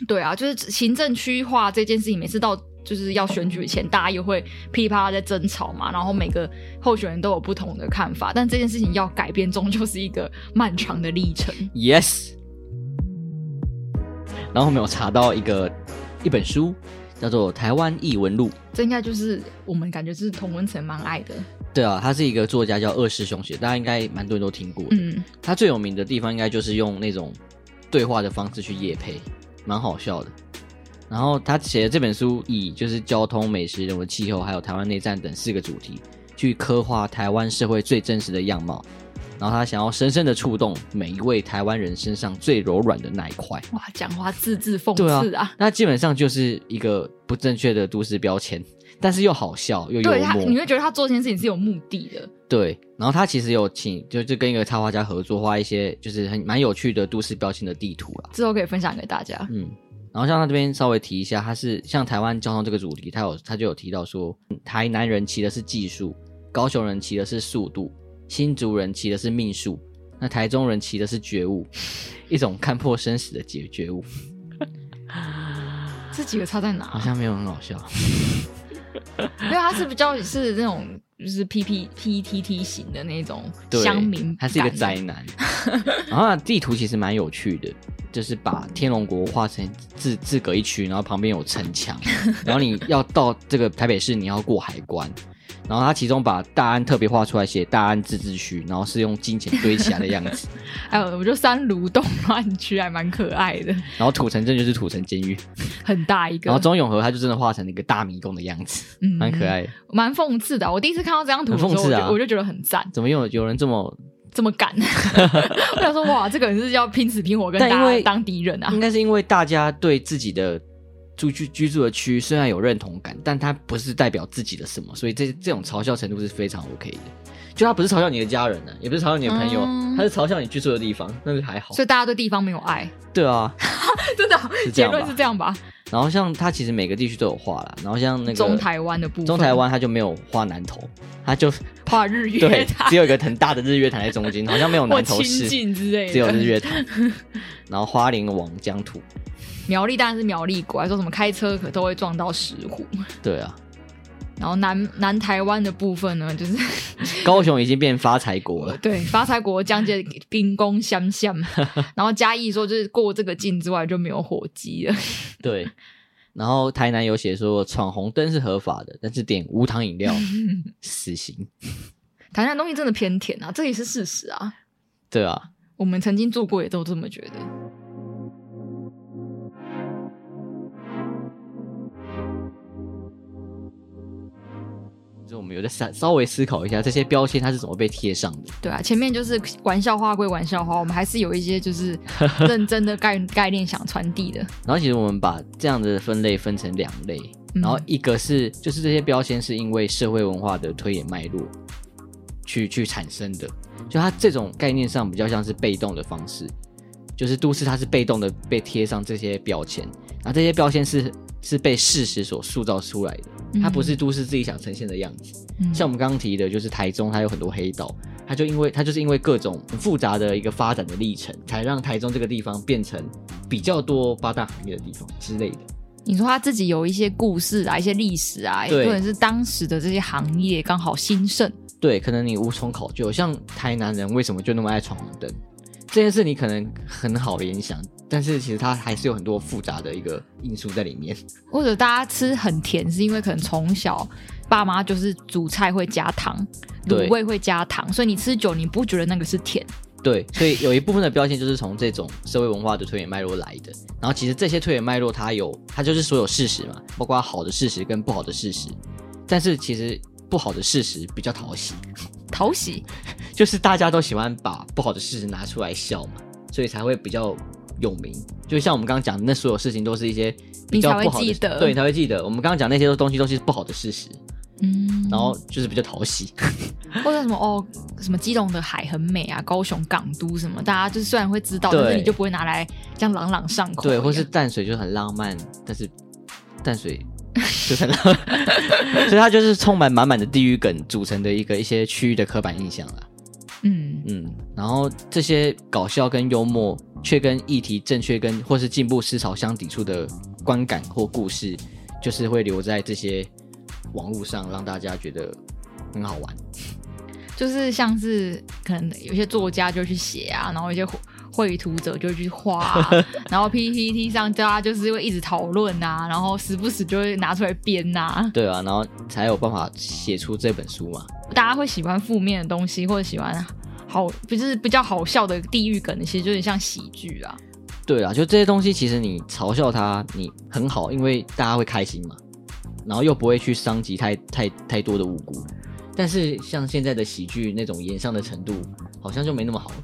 對啊，就是行政區劃這件事情，每次到就是要選舉前，大家又會噼里啪啦在爭吵嘛，然後每個候選人都有不同的看法，但這件事情要改變，終究是一個漫長的歷程。Yes。然後我們有查到一個一本書，叫做《台灣異聞錄》，這應該就是我們感覺是童文成蠻愛的。對啊，他是一個作家，叫二師兄寫，大家應該蠻多人都聽過的，嗯。他最有名的地方應該就是用那種對話的方式去業配，蠻好笑的。然後他寫的這本書，以就是交通、美食、人文、氣候，還有台灣內戰等四個主題，去刻畫台灣社會最真實的樣貌。然後他想要深深的觸動每一位台灣人身上最柔軟的那一塊。哇，講話字字諷刺啊，啊！那基本上就是一個不正確的都市標籤。但是又好笑又幽默。對，他，你會覺得他做這件事情是有目的的。對，然後他其實有請，就是跟一個插畫家合作，畫一些就是很蠻有趣的都市標籤的地圖啊。之後可以分享給大家。嗯，然後像他這邊稍微提一下，他是像台灣交通這個主題，他有他就有提到說，台南人騎的是技術，高雄人騎的是速度，新竹人騎的是命數，那台中人騎的是覺悟， [LAUGHS] 一種看破生死的解覺悟。 [LAUGHS] 這幾個差在哪？好像沒有很好笑。 [LAUGHS] 因為他是比較是那種就是 P P T T 型的那種鄉民，他是一個宅男。 [LAUGHS] 然後地圖其實蠻有趣的，就是把天龍國畫成自自隔一區，然後旁邊有城牆，然後你要到這個台北市，你要過海關。然後他其中把大安特別畫出來寫大安自治區，然後是用金錢堆起來的樣子。 [LAUGHS] 哎呦，我覺得三蘆動漫區還蠻可愛的。然後土城鎮就是土城監獄， [LAUGHS] 很大一個。然後中永和他就真的畫成了一個大迷宮的樣子，蠻、嗯、可愛的，蠻諷刺的、啊。我第一次看到這張圖的時、啊、我，就我就覺得很讚。怎麼有有人這麼這麼幹？ [LAUGHS] 我想說，哇，這個人是要拼死拼活跟大家當敵人啊？應該是因為大家對自己的。住居居住的區，雖然有認同感，但它不是代表自己的什麼，所以這這種嘲笑程度是非常 OK 的。就他不是嘲笑你的家人呢、啊，也不是嘲笑你的朋友，他、嗯、是嘲笑你居住的地方，那就還好。所以大家對地方沒有愛。對啊， [LAUGHS] 真的，結論是這樣吧？然後像他其實每個地區都有畫啦，然後像那個中台灣的部分，中台灣他就沒有畫南投，他就怕日月，對，只有一個很大的日月潭在中間，好像沒有南投市，只有日月潭。 [LAUGHS] 然後花蓮王疆土。苗栗當然是苗栗國，還說什麼開車可都會撞到石虎。對啊。然後南南台灣的部分呢，就是 [LAUGHS] 高雄已經變發財國了。對，發財國江介兵攻相向， [LAUGHS] 然後嘉義說就是過這個境之外就沒有火雞了。對。然後台南有寫說闖紅燈是合法的，但是點無糖飲料死刑。 [LAUGHS] 台南東西真的偏甜啊，這也是事實啊。對啊。我們曾經做過，也都這麼覺得。有的稍稍微思考一下，這些標籤它是怎麼被貼上的？對啊，前面就是玩笑話歸玩笑話，我們還是有一些就是認真的概 [LAUGHS] 概念想傳遞的。然後，其實我們把這樣的分類分成兩類，嗯，然後一個是就是這些標籤是因為社會文化的推演脈絡去去產生的，就它這種概念上比較像是被動的方式，就是都市它是被動的被貼上這些標籤，然後這些標籤是。是被事實所塑造出來的，它不是都市自己想呈現的樣子。嗯、像我們剛剛提的，就是台中，它有很多黑道，嗯，它就因為它就是因為各種很複雜的一個發展的歷程，才讓台中這個地方變成比較多八大行業的地方之類的。你說他自己有一些故事啊，一些歷史啊，欸，或者是當時的這些行業剛好興盛，對，可能你無從考究。像台南人為什麼就那麼愛闖紅燈，這件事你可能很好聯想。但是其實它還是有很多複雜的一個因素在裡面。或者大家吃很甜，是因為可能從小爸媽就是煮菜會加糖，滷味會加糖，所以你吃久你不覺得那個是甜。對，所以有一部分的標籤就是從這種社會文化的推演脈絡來的。 [LAUGHS] 然後其實這些推演脈絡它有，它就是所有事實嘛，包括好的事實跟不好的事實。但是其實不好的事實比較討喜。討喜， [LAUGHS] 就是大家都喜歡把不好的事實拿出來笑嘛，所以才會比較。有名，就像我們剛剛講的，那所有事情都是一些比較不好的，你才會記得。對你才會記得。我們剛剛講那些東西都是不好的事實，嗯，然後就是比較討喜，或者什麼哦，什麼基隆的海很美啊，高雄港都什麼，大家就是雖然會知道，但是你就不會拿來這樣朗朗上口。對，或是淡水就很浪漫，但是淡水就很浪漫， [LAUGHS] 所以它就是充滿滿滿的地域梗組成的一個一些區域的刻板印象啦。嗯嗯，然後這些搞笑跟幽默。卻跟議題正確，跟或是進步思潮相抵觸的觀感或故事，就是會留在這些網絡上，讓大家覺得很好玩。就是像是可能有些作家就去寫啊，然後一些繪圖者就去畫，啊， [LAUGHS] 然後 PTT 上大家，啊、就是會一直討論啊，然後時不時就會拿出來編吶，啊。對啊，然後才有辦法寫出這本書嘛。大家會喜歡負面的東西，或者喜歡？好，不、就是比較好笑的地域梗，其實就有點像喜劇啊。對啊，就這些東西，其實你嘲笑它，你很好，因為大家會開心嘛，然後又不會去傷及太太太多的無辜。但是像現在的喜劇那種演上的程度，好像就沒那麼好了。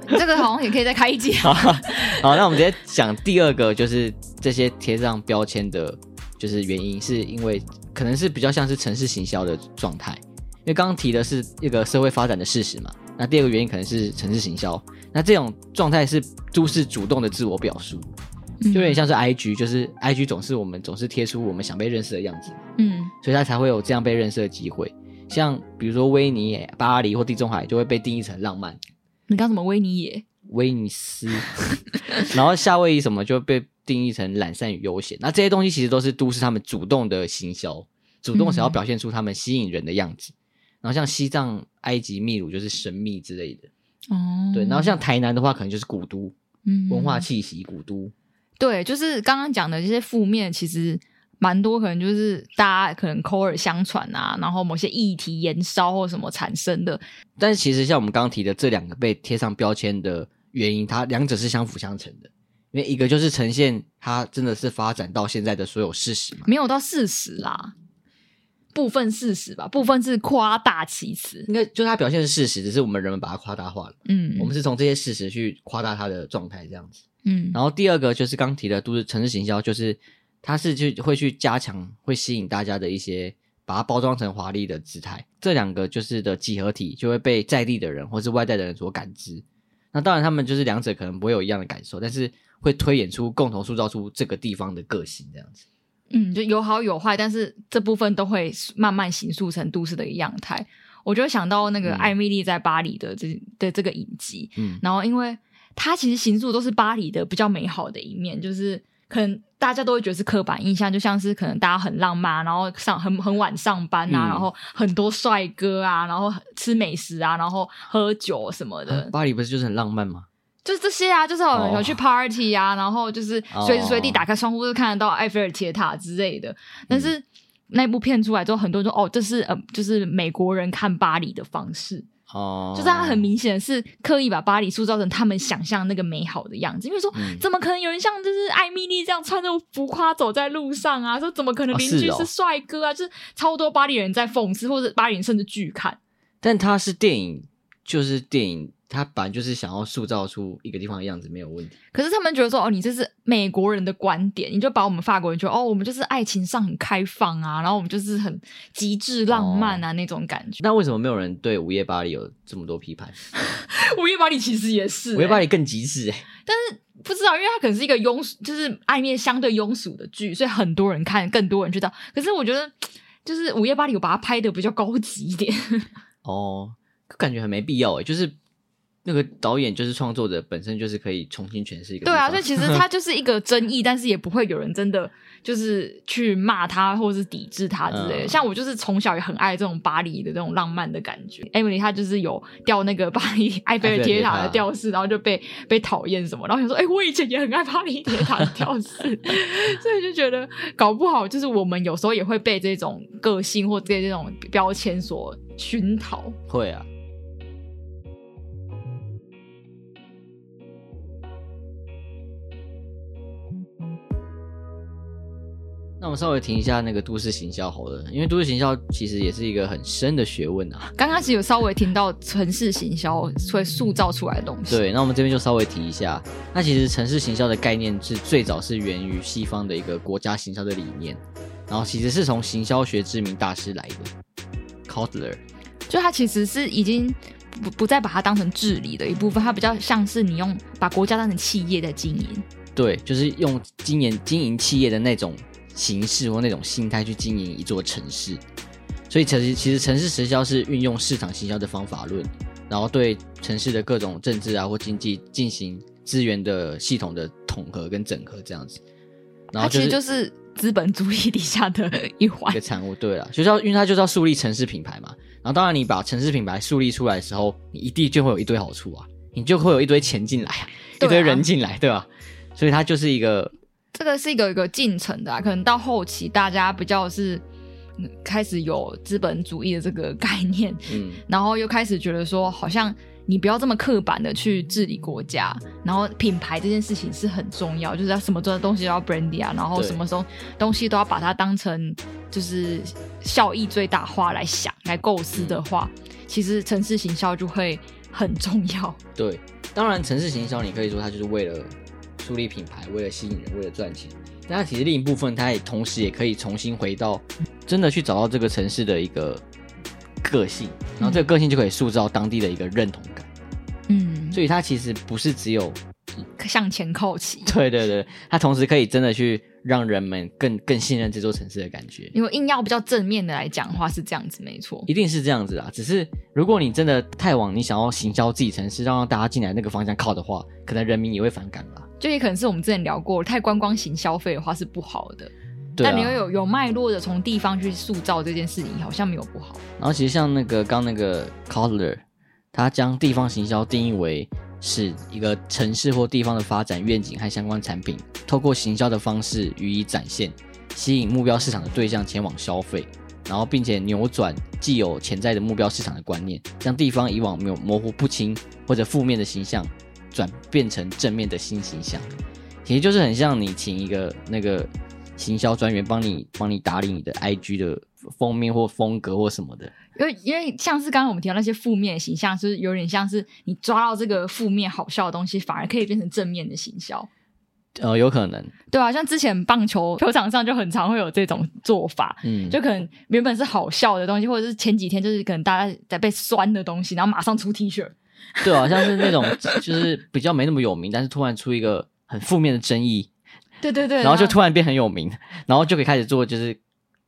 [LAUGHS] 你這個好像也可以再開一集、啊、 [LAUGHS] 好,好，那我們直接講第二個，就是這些貼上標籤的，就是原因是因為可能是比較像是城市行銷的狀態，因為剛剛提的是一個社會發展的事實嘛。那第二個原因可能是城市行銷，那這種狀態是都市主動的自我表述，就有點像是 IG，就是 IG 總是我們總是貼出我們想被認識的樣子，嗯，所以他才會有這樣被認識的機會。像比如說威尼巴黎或地中海就會被定義成浪漫。你剛什麼威尼？威尼斯。 [LAUGHS] 然後夏威夷什麼就被定義成懶散與悠閒。那這些東西其實都是都市他們主動的行銷，主動想要表現出他們吸引人的樣子。嗯然後像西藏、埃及、秘魯就是神秘之類的，哦、oh.，對。然後像台南的話，可能就是古都，嗯、mm -hmm.，文化氣息、古都。對，就是剛剛講的這些負面，其實蠻多，可能就是大家可能口耳相傳啊，然後某些議題延燒或什麼產生的。但是其實像我們剛剛提的這兩個被貼上標籤的原因，它兩者是相輔相成的，因為一個就是呈現它真的是發展到現在的所有事實嘛，沒有到事實啦。部分事實吧，部分是誇大其詞。應該就是它表現是事實，只是我們人們把它誇大化了。嗯，我們是從這些事實去誇大它的狀態這樣子。嗯，然後第二個就是剛提的都市城市行銷，就是它是去會去加強，會吸引大家的一些把它包裝成華麗的姿態。這兩個就是的集合體，就會被在地的人或是外在的人所感知。那當然，他們就是兩者可能不會有一樣的感受，但是會推演出共同塑造出這個地方的個性這樣子。嗯，就有好有壞，但是這部分都會慢慢形塑成都市的一個樣態。我就想到那個艾米麗在巴黎的這、嗯、的這個影集，嗯，然後因為她其實形塑都是巴黎的比較美好的一面，就是可能大家都會覺得是刻板印象，就像是可能大家很浪漫，然後上很很晚上班啊、嗯，然後很多帥哥啊，然後吃美食啊，然後喝酒什麼的。巴黎不是就是很浪漫嗎？就是這些啊，就是有去 party 啊，oh. 然後就是隨時隨地打開窗戶就看得到埃菲爾鐵塔之類的。Oh. 但是那部片出來之後，很多人說、oh. 哦，這是呃，就是美國人看巴黎的方式哦，oh. 就是他很明顯是刻意把巴黎塑造成他們想象那個美好的樣子。因為說怎麼可能有人像就是艾米麗這樣穿着浮誇走在路上啊？說怎麼可能鄰居是帥哥啊？Oh. 就是超多巴黎人在諷刺或者巴黎人甚至拒看。但它是電影，就是電影。他本就是想要塑造出一個地方的樣子，沒有問題。可是他們覺得說：“哦，你這是美國人的觀點，你就把我們法國人覺得哦，我們就是愛情上很開放啊，然後我們就是很極致浪漫啊、哦、那種感覺。”那為什麼沒有人對《午夜巴黎》有這麼多批判？《午夜巴黎》其實也是，《午夜巴黎》更極致、欸。但是不知道，因為它可能是一個庸俗，就是愛面相對庸俗的劇，所以很多人看，更多人知道。可是我覺得，就是《午夜巴黎》我把它拍得比較高級一點。哦，感覺很沒必要、欸、就是。那個導演就是創作者本身，就是可以重新詮釋一個。對啊，所以其實他就是一個爭議， [LAUGHS] 但是也不會有人真的就是去罵他，或是抵制他之類的。嗯、像我就是從小也很愛這種巴黎的這種浪漫的感覺。Emily 她就是有吊那個巴黎埃菲爾鐵塔的吊飾、啊啊，然後就被被討厭什麼，然後想說，哎、欸，我以前也很愛巴黎鐵塔的吊飾， [LAUGHS] [LAUGHS] 所以就覺得搞不好就是我們有時候也會被這種個性或這些這種標籤所熏陶。會啊。那我們稍微停一下那個都市行銷好了，因為都市行銷其實也是一個很深的學問啊。剛開始有稍微聽到城市行銷會塑造出來的東西。對，那我們這邊就稍微提一下。那其實城市行銷的概念是最早是源於西方的一個國家行銷的理念，然後其實是從行銷學知名大師來的，Kotler。就他其實是已經不不再把它當成治理的一部分，他比較像是你用把國家當成企業的經營。對，就是用經營經營企業的那種。形式，或那種心態去經營一座城市，所以城其實城市行銷是運用市場行銷的方法論，然後對城市的各種政治啊或經濟進行資源的系統的統合跟整合這樣子。然後其實就是資本主義底下的一環的產物。對了，學校，因為它就是要樹立城市品牌嘛。然後當然你把城市品牌樹立出來的時候，你一定就會有一堆好處啊，你就會有一堆錢進來，一堆人進來，對吧、啊啊？所以它就是一個。這個是一個一個進程的啊，可能到後期大家比較是開始有資本主義的這個概念，嗯，然後又開始覺得說，好像你不要這麼刻板的去治理國家，然後品牌這件事情是很重要，就是要什麼做的東西都要 branding 啊，然後什麼時候東西都要把它當成就是效益最大化來想來構思的話，嗯，其實城市行銷就會很重要。對，當然城市行銷，你可以說它就是為了。樹立品牌，為了吸引人，為了賺錢。但它其實另一部分，他也同時也可以重新回到，真的去找到這個城市的一個個性，然後這個個性就可以塑造當地的一個認同感。嗯，所以他其實不是只有、嗯、向前靠齊。對對對，他同時可以真的去讓人們更更信任這座城市的感覺。因為硬要比較正面的來講的話，是這樣子，沒錯，一定是這樣子啊。只是如果你真的太往你想要行銷自己城市，讓大家進來那個方向靠的話，可能人民也會反感吧。就也可能是我們之前聊過，太觀光型消費的話是不好的。對啊。但你又有有脈絡的從地方去塑造這件事情，好像沒有不好。然後其實像那個剛那個 Kotler，他將地方行銷定義為是一個城市或地方的發展願景和相關產品，透過行銷的方式予以展現，吸引目標市場的對象前往消費，然後並且扭轉既有潛在的目標市場的觀念，將地方以往沒有模糊不清或者負面的形象。轉變成正面的新形象，其實就是很像你請一個那個行銷專員幫你幫你打理你的 IG 的封面或風格或什麼的。因為因為像是剛剛我們提到那些負面的形象，就是有點像是你抓到這個負面好笑的東西，反而可以變成正面的行銷。呃，有可能。對啊，像之前棒球球場上就很常會有這種做法。嗯，就可能原本是好笑的東西，或者是前幾天就是可能大家在被酸的東西，然後馬上出 T 恤。 [LAUGHS] 對、啊，好像是那種，就是比較沒那麼有名，但是突然出一個很負面的爭議，對對對，然後就突然變很有名，然後就可以開始做就是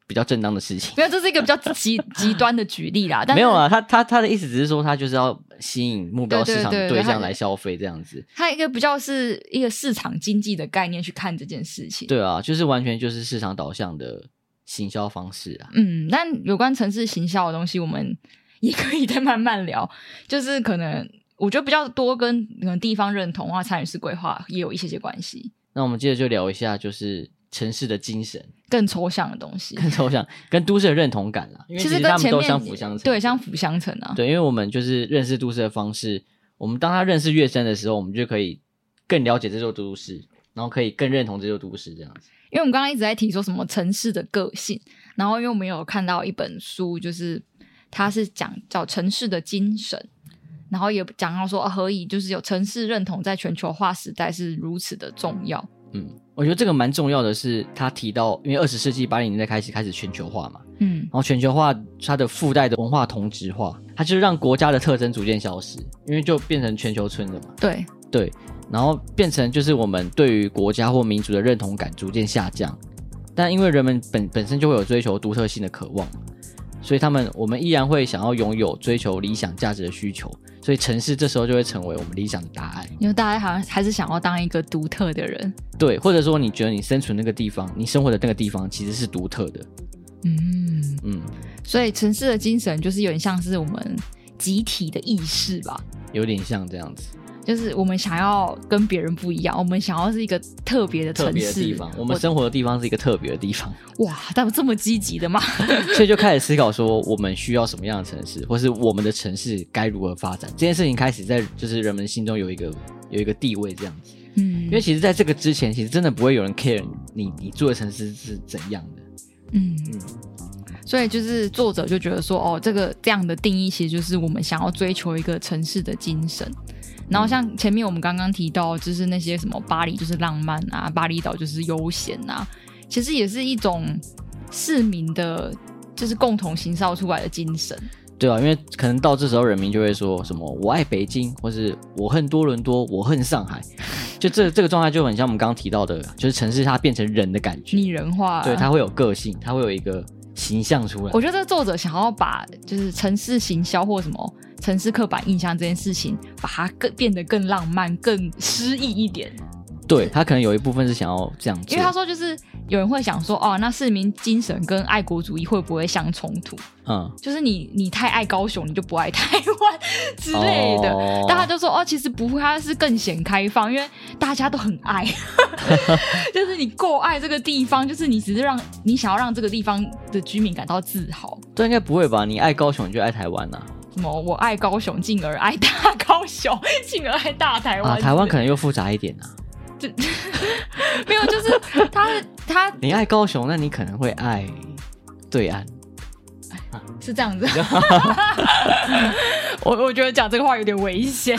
比較正當的事情。沒有，這是一個比較極 [LAUGHS] 極端的舉例啦。但沒有啊，他他他的意思只是說他就是要吸引目標市場對象來消費這樣子，對對對對他。他一個比較是一個市場經濟的概念去看這件事情。對啊，就是完全就是市場導向的行銷方式啊。嗯，但有關城市行銷的東西，我們。也可以再慢慢聊，就是可能我覺得比較多跟地方認同啊，參與式規劃也有一些些關係。那我們接着就聊一下，就是城市的精神，更抽象的東西，更抽象，跟都市的認同感了。因為其實他們都相輔相成，其實跟前面，對，相輔相成啊。對，因為我們就是認識都市的方式，我們當他認識越深的時候，我們就可以更了解這座都市，然後可以更認同這座都市這樣子。因為我們剛剛一直在提說什麼城市的個性，然後因為我們有看到一本書就是。他是講叫城市的精神，然後也講到說啊，何以就是有城市認同，在全球化時代是如此的重要。嗯，我覺得這個蠻重要的是，是他提到，因為二十世紀八零年代開始開始全球化嘛，嗯，然後全球化它的附帶的文化同質化，它就讓國家的特徵逐漸消失，因為就變成全球村了嘛。對對，然後變成就是我們對於國家或民族的認同感逐漸下降，但因為人們本本身就會有追求獨特性的渴望。所以他們，我們依然會想要擁有追求理想價值的需求，所以城市這時候就會成為我們理想的答案。因為大家好像還是想要當一個獨特的人，對，或者說你覺得你生存那個地方，你生活的那個地方其實是獨特的，嗯嗯。所以城市的精神就是有點像是我們集體的意識吧，有點像這樣子。就是我們想要跟別人不一樣，我們想要是一個特別的城市，特別的地方。我們生活的地方是一個特別的地方。哇，但這麼積極的嘛？ [LAUGHS] 所以就開始思考說，我們需要什麼樣的城市，或是我們的城市該如何發展？這件事情開始在就是人們心中有一個有一個地位這樣子。嗯，因為其實，在這個之前，其實真的不會有人 care 你你住的城市是怎樣的。嗯嗯。所以就是作者就覺得說，哦，這個這樣的定義，其實就是我們想要追求一個城市的精神。然後像前面我們剛剛提到，就是那些什麼巴黎就是浪漫啊，巴厘島就是悠閒啊，其實也是一種市民的，就是共同形塑出來的精神。對啊，因為可能到這時候人民就會說什麼“我愛北京”或是“我恨多倫多”，我恨上海，就這這個狀態就很像我們剛剛提到的，就是城市它變成人的感覺，擬人化、啊，對，它會有個性，它會有一個。形象出來，我覺得這作者想要把就是城市行銷或什麼城市刻板印象這件事情，把它更變得更浪漫，更詩意一點。嗯對他可能有一部分是想要這樣做，因為他說就是有人會想說哦，那市民精神跟愛國主義會不會相衝突？嗯，就是你你太愛高雄，你就不愛台灣之類的。大、哦、家就說哦，其實不會，他是更顯開放，因為大家都很愛， [LAUGHS] [LAUGHS] 就是你夠愛這個地方，就是你只是讓你想要讓這個地方的居民感到自豪。這應該不會吧？你愛高雄，你就愛台灣吶、啊？什麼？我愛高雄，進而愛大高雄，進而愛大台灣啊？台灣可能又複雜一點啊。 [LAUGHS] 沒有，就是他 [LAUGHS] 他。你愛高雄,那你可能會愛對岸。是這樣子。 [LAUGHS] 我我覺得講這個話有點危險，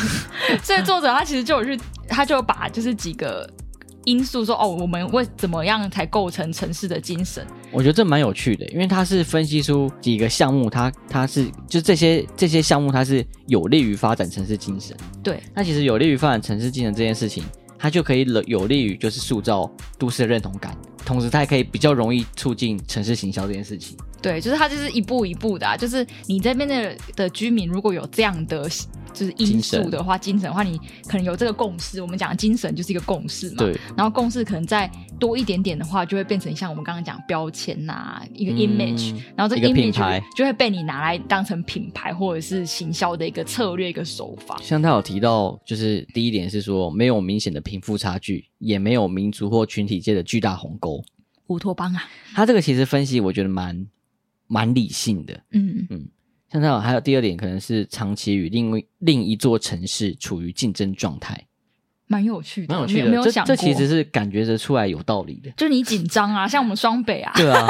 所以作者他其實就有去，他就把就是幾個因素說，哦，我們為怎麼樣才構成城市的精神？我覺得這蠻有趣的，因為他是分析出幾個項目，他他是就這些這些項目，它是有利於發展城市精神。對。那其實有利於發展城市精神這件事情。它就可以了，有利於就是塑造都市的認同感，同時它也可以比較容易促進城市行銷這件事情。對，就是它就是一步一步的啊，就是你這邊的的居民如果有這樣的。就是因素的話，精神，精神的話，你可能有這個共識。我們講精神就是一個共識嘛。對。然後共識可能再多一點點的話，就會變成像我們剛剛講標籤吶、啊，一個 image、嗯。然後這個 image 一個品牌就，就會被你拿來當成品牌或者是行銷的一個策略一個手法。像他有提到，就是第一點是說沒有明顯的貧富差距，也沒有民族或群體界的巨大鴻溝。烏托邦啊，他這個其實分析我覺得蠻蠻理性的。嗯嗯。現在還有第二點，可能是長期與另一另一座城市處於競爭狀態，蠻有趣，的，蠻有趣的。有趣的沒有想這這其實是感覺得出來有道理的，就是你緊張啊， [LAUGHS] 像我們雙北啊，對啊， [LAUGHS]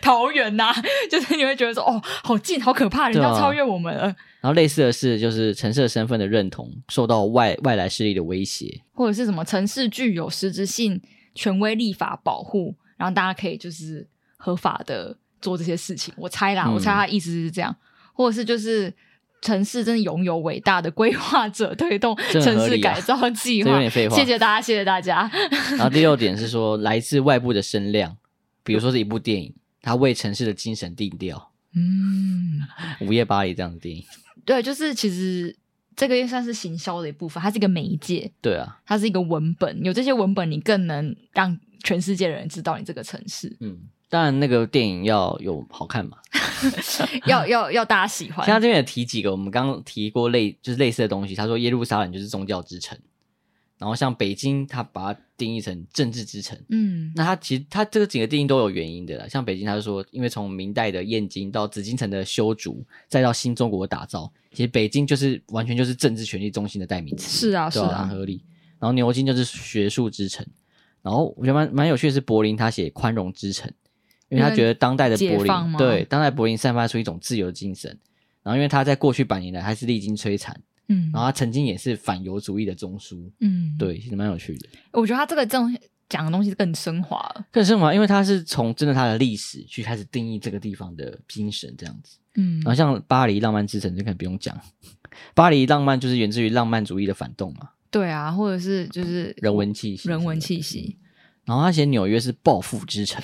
桃園吶、啊，就是你會覺得說，哦，好近，好可怕，人家超越我們了。啊、然後類似的是，就是城市的身份的認同受到外外來勢力的威脅，或者是什麼城市具有實質性權威立法保護，然後大家可以就是合法的做這些事情。我猜啦，嗯、我猜他意思是這樣。或者是就是城市真的擁有偉大的規劃者推動城市改造計劃，啊，謝謝大家，謝謝大家。然後第六點是說 [LAUGHS] 來自外部的聲量，比如說是一部電影，它為城市的精神定調。嗯，午夜巴黎這樣的電影，對，就是其實這個也算是行銷的一部分，它是一個媒介。對啊，它是一個文本，有這些文本，你更能讓全世界的人知道你這個城市。嗯。當然，那個電影要有好看嘛 [LAUGHS] [LAUGHS] 要，要要要大家喜歡。像他這邊也提幾個，我們剛剛提過類就是類似的東西。他說耶路撒冷就是宗教之城，然後像北京，他把它定義成政治之城。嗯，那他其實他這個整個定義都有原因的啦。像北京，他就說因為從明代的燕京到紫禁城的修築，再到新中國的打造，其實北京就是完全就是政治權力中心的代名詞。是啊，是啊，啊很合理。然後牛津就是學術之城，然後我覺得蠻蠻有趣的是柏林，他寫寬容之城。因為他覺得當代的柏林，對當代柏林散發出一種自由精神。然後，因為他在過去百年來還是歷經摧殘，嗯，然後他曾經也是反猶主義的中樞，嗯，對，其實蠻有趣的。我覺得他這個這種講的東西是更升華了，更升華，因為他是從真的他的歷史去開始定義這個地方的精神這樣子，嗯，然後像巴黎浪漫之城，就更不用講， [LAUGHS] 巴黎浪漫就是源自於浪漫主義的反動嘛，對啊，或者是就是人文氣息，人文氣息。然後他寫紐約是暴富之城，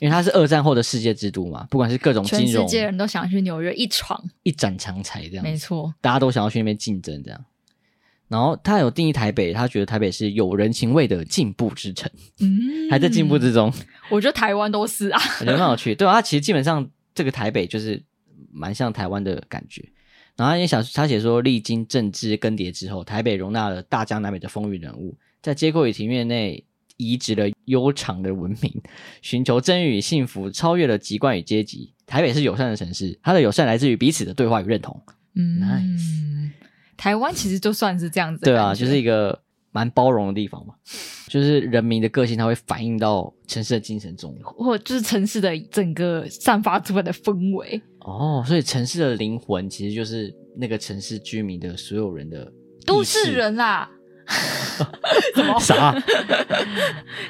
因為它是二戰後的世界之都嘛，不管是各種金融，全世界人都想去紐約一闖一展長才這樣，沒錯，大家都想要去那邊競爭這樣。然後他有定義台北，他覺得台北是有人情味的進步之城，嗯，還在進步之中。我覺得台灣都是啊，很好去對啊。他其實基本上這個台北就是蠻像台灣的感覺。然後他也想，他寫說，歷經政治更迭之後，台北容納了大江南北的風雲人物，在街口與庭院內。移植了悠長的文明，尋求真與幸福，超越了籍貫與階級。台北是友善的城市，它的友善來自於彼此的對話與認同。嗯，Nice。台灣其實就算是這樣子，對啊，就是一個蠻包容的地方嘛。 [LAUGHS] 就是人民的個性，它會反映到城市的精神中，或就是城市的整個散發出來的氛圍。哦，oh，所以城市的靈魂其實就是那個城市居民的所有人的都是人啦。 [LAUGHS] 什麼？啥、啊？ [LAUGHS]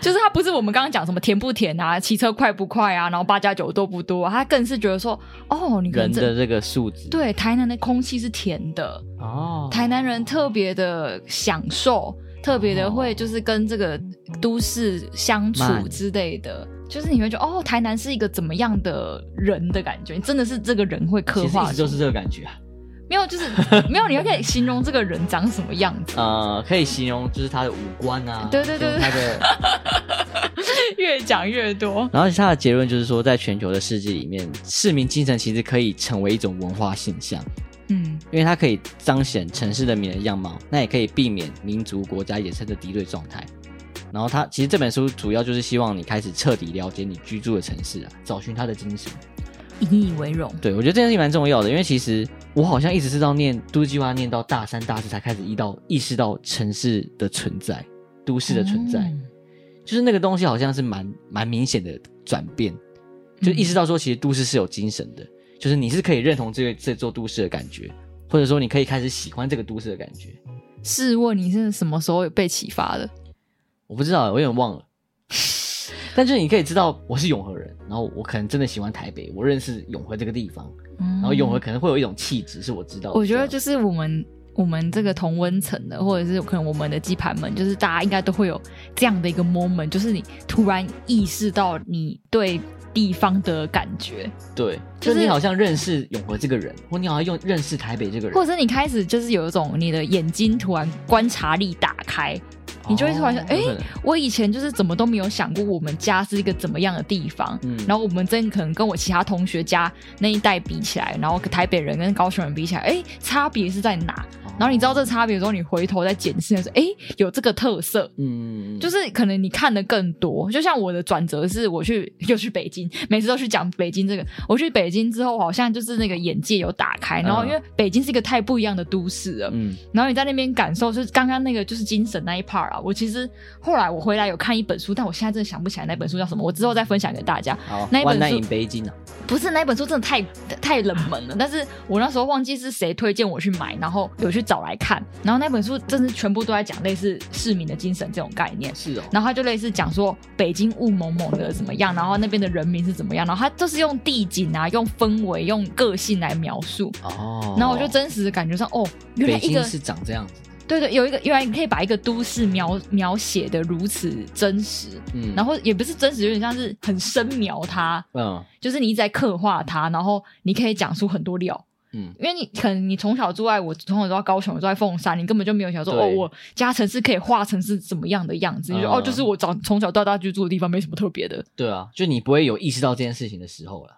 就是他不是我們剛剛講什麼甜不甜啊，騎車快不快啊，然後八加九多不多？他更是覺得說，哦，你看人的這個素質，對，台南的空氣是甜的哦，台南人特別的享受，特別的會就是跟這個都市相處之類的，哦、就是你會覺得哦，台南是一個怎麼樣的人的感覺？真的是這個人會刻畫，其實就是這個感覺啊。 [LAUGHS] 沒有，就是沒有。你又可以形容這個人長什麼樣子？ [LAUGHS] 呃，可以形容就是他的五官啊。對 [LAUGHS] 對對對。他的 [LAUGHS] 越講越多。然後他的結論就是說，在全球的世界裡面，市民精神其實可以成為一種文化現象。嗯，因為它可以彰顯城市的迷人樣貌，那也可以避免民族國家衍生的敵對狀態。然後他其實這本書主要就是希望你開始徹底了解你居住的城市啊，找尋他的精神。引以為榮，對我覺得這件事情蠻重要的，因為其實我好像一直是到念都市計劃念到大三大四才開始意識到意識到城市的存在，都市的存在，嗯、就是那個東西好像是蠻蠻明顯的轉變，就意識到說其實都市是有精神的，嗯、就是你是可以認同這個這座都市的感覺，或者說你可以開始喜歡這個都市的感覺。試問你是什麼時候被啟發的？我不知道，我有點忘了。 [LAUGHS] 但是你可以知道我是永和人，然後我可能真的喜歡台北，我認識永和這個地方，嗯、然後永和可能會有一種氣質是我知道的。我覺得就是我們我們這個同溫層的，或者是可能我們的基盤們，就是大家應該都會有這樣的一個 moment，就是你突然意識到你對地方的感覺，對，就是就你好像認識永和這個人，或你好像用認識台北這個人，或者是你開始就是有一種你的眼睛突然觀察力打開。你就會發現，哎、欸，我以前就是怎麼都沒有想過，我們家是一個怎麼樣的地方。嗯、然後我們真可能跟我其他同學家那一代比起來，然後台北人跟高雄人比起來，哎、欸，差別是在哪？然後你知道這差別之後，你回頭再檢視的時候，哎、欸，有這個特色。嗯，就是可能你看的更多。就像我的轉折是我去又去北京，每次都去講北京這個。我去北京之後，好像就是那個眼界有打開。然後因為北京是一個太不一樣的都市了。嗯，然後你在那邊感受就是剛剛那個就是精神那一 part 啊。我其實後來我回來有看一本書，但我現在真的想不起來那本書叫什麼，我之後再分享給大家。Oh, 那一本書《那北京》呢？不是那本書，真的太太，太冷門了。 [LAUGHS] 但是我那時候忘記是誰推薦我去買，然後有去找來看。然後那本書真的是全部都在講類似市民的精神這種概念。是哦。然後他就類似講說北京霧濛濛的怎麼樣，然後那邊的人民是怎麼樣，然後他就是用地景啊、用氛圍、用個性來描述。哦、oh。然後我就真實的感覺上，哦，原來一個，北京是長這樣子。對對，有一個，因為你可以把一個都市描描寫的如此真實，嗯，然後也不是真實，有點像是很深描它，嗯，就是你一直在刻畫它，然後你可以講出很多料，嗯，因為你可能你從小住在我從小住到高雄，我住在鳳山，你根本就沒有想說哦，我家城市可以畫成是怎麼樣的樣子，你、嗯、說、就是、哦，就是我長從小到大居住的地方沒什麼特別的，對啊，就你不會有意識到這件事情的時候了。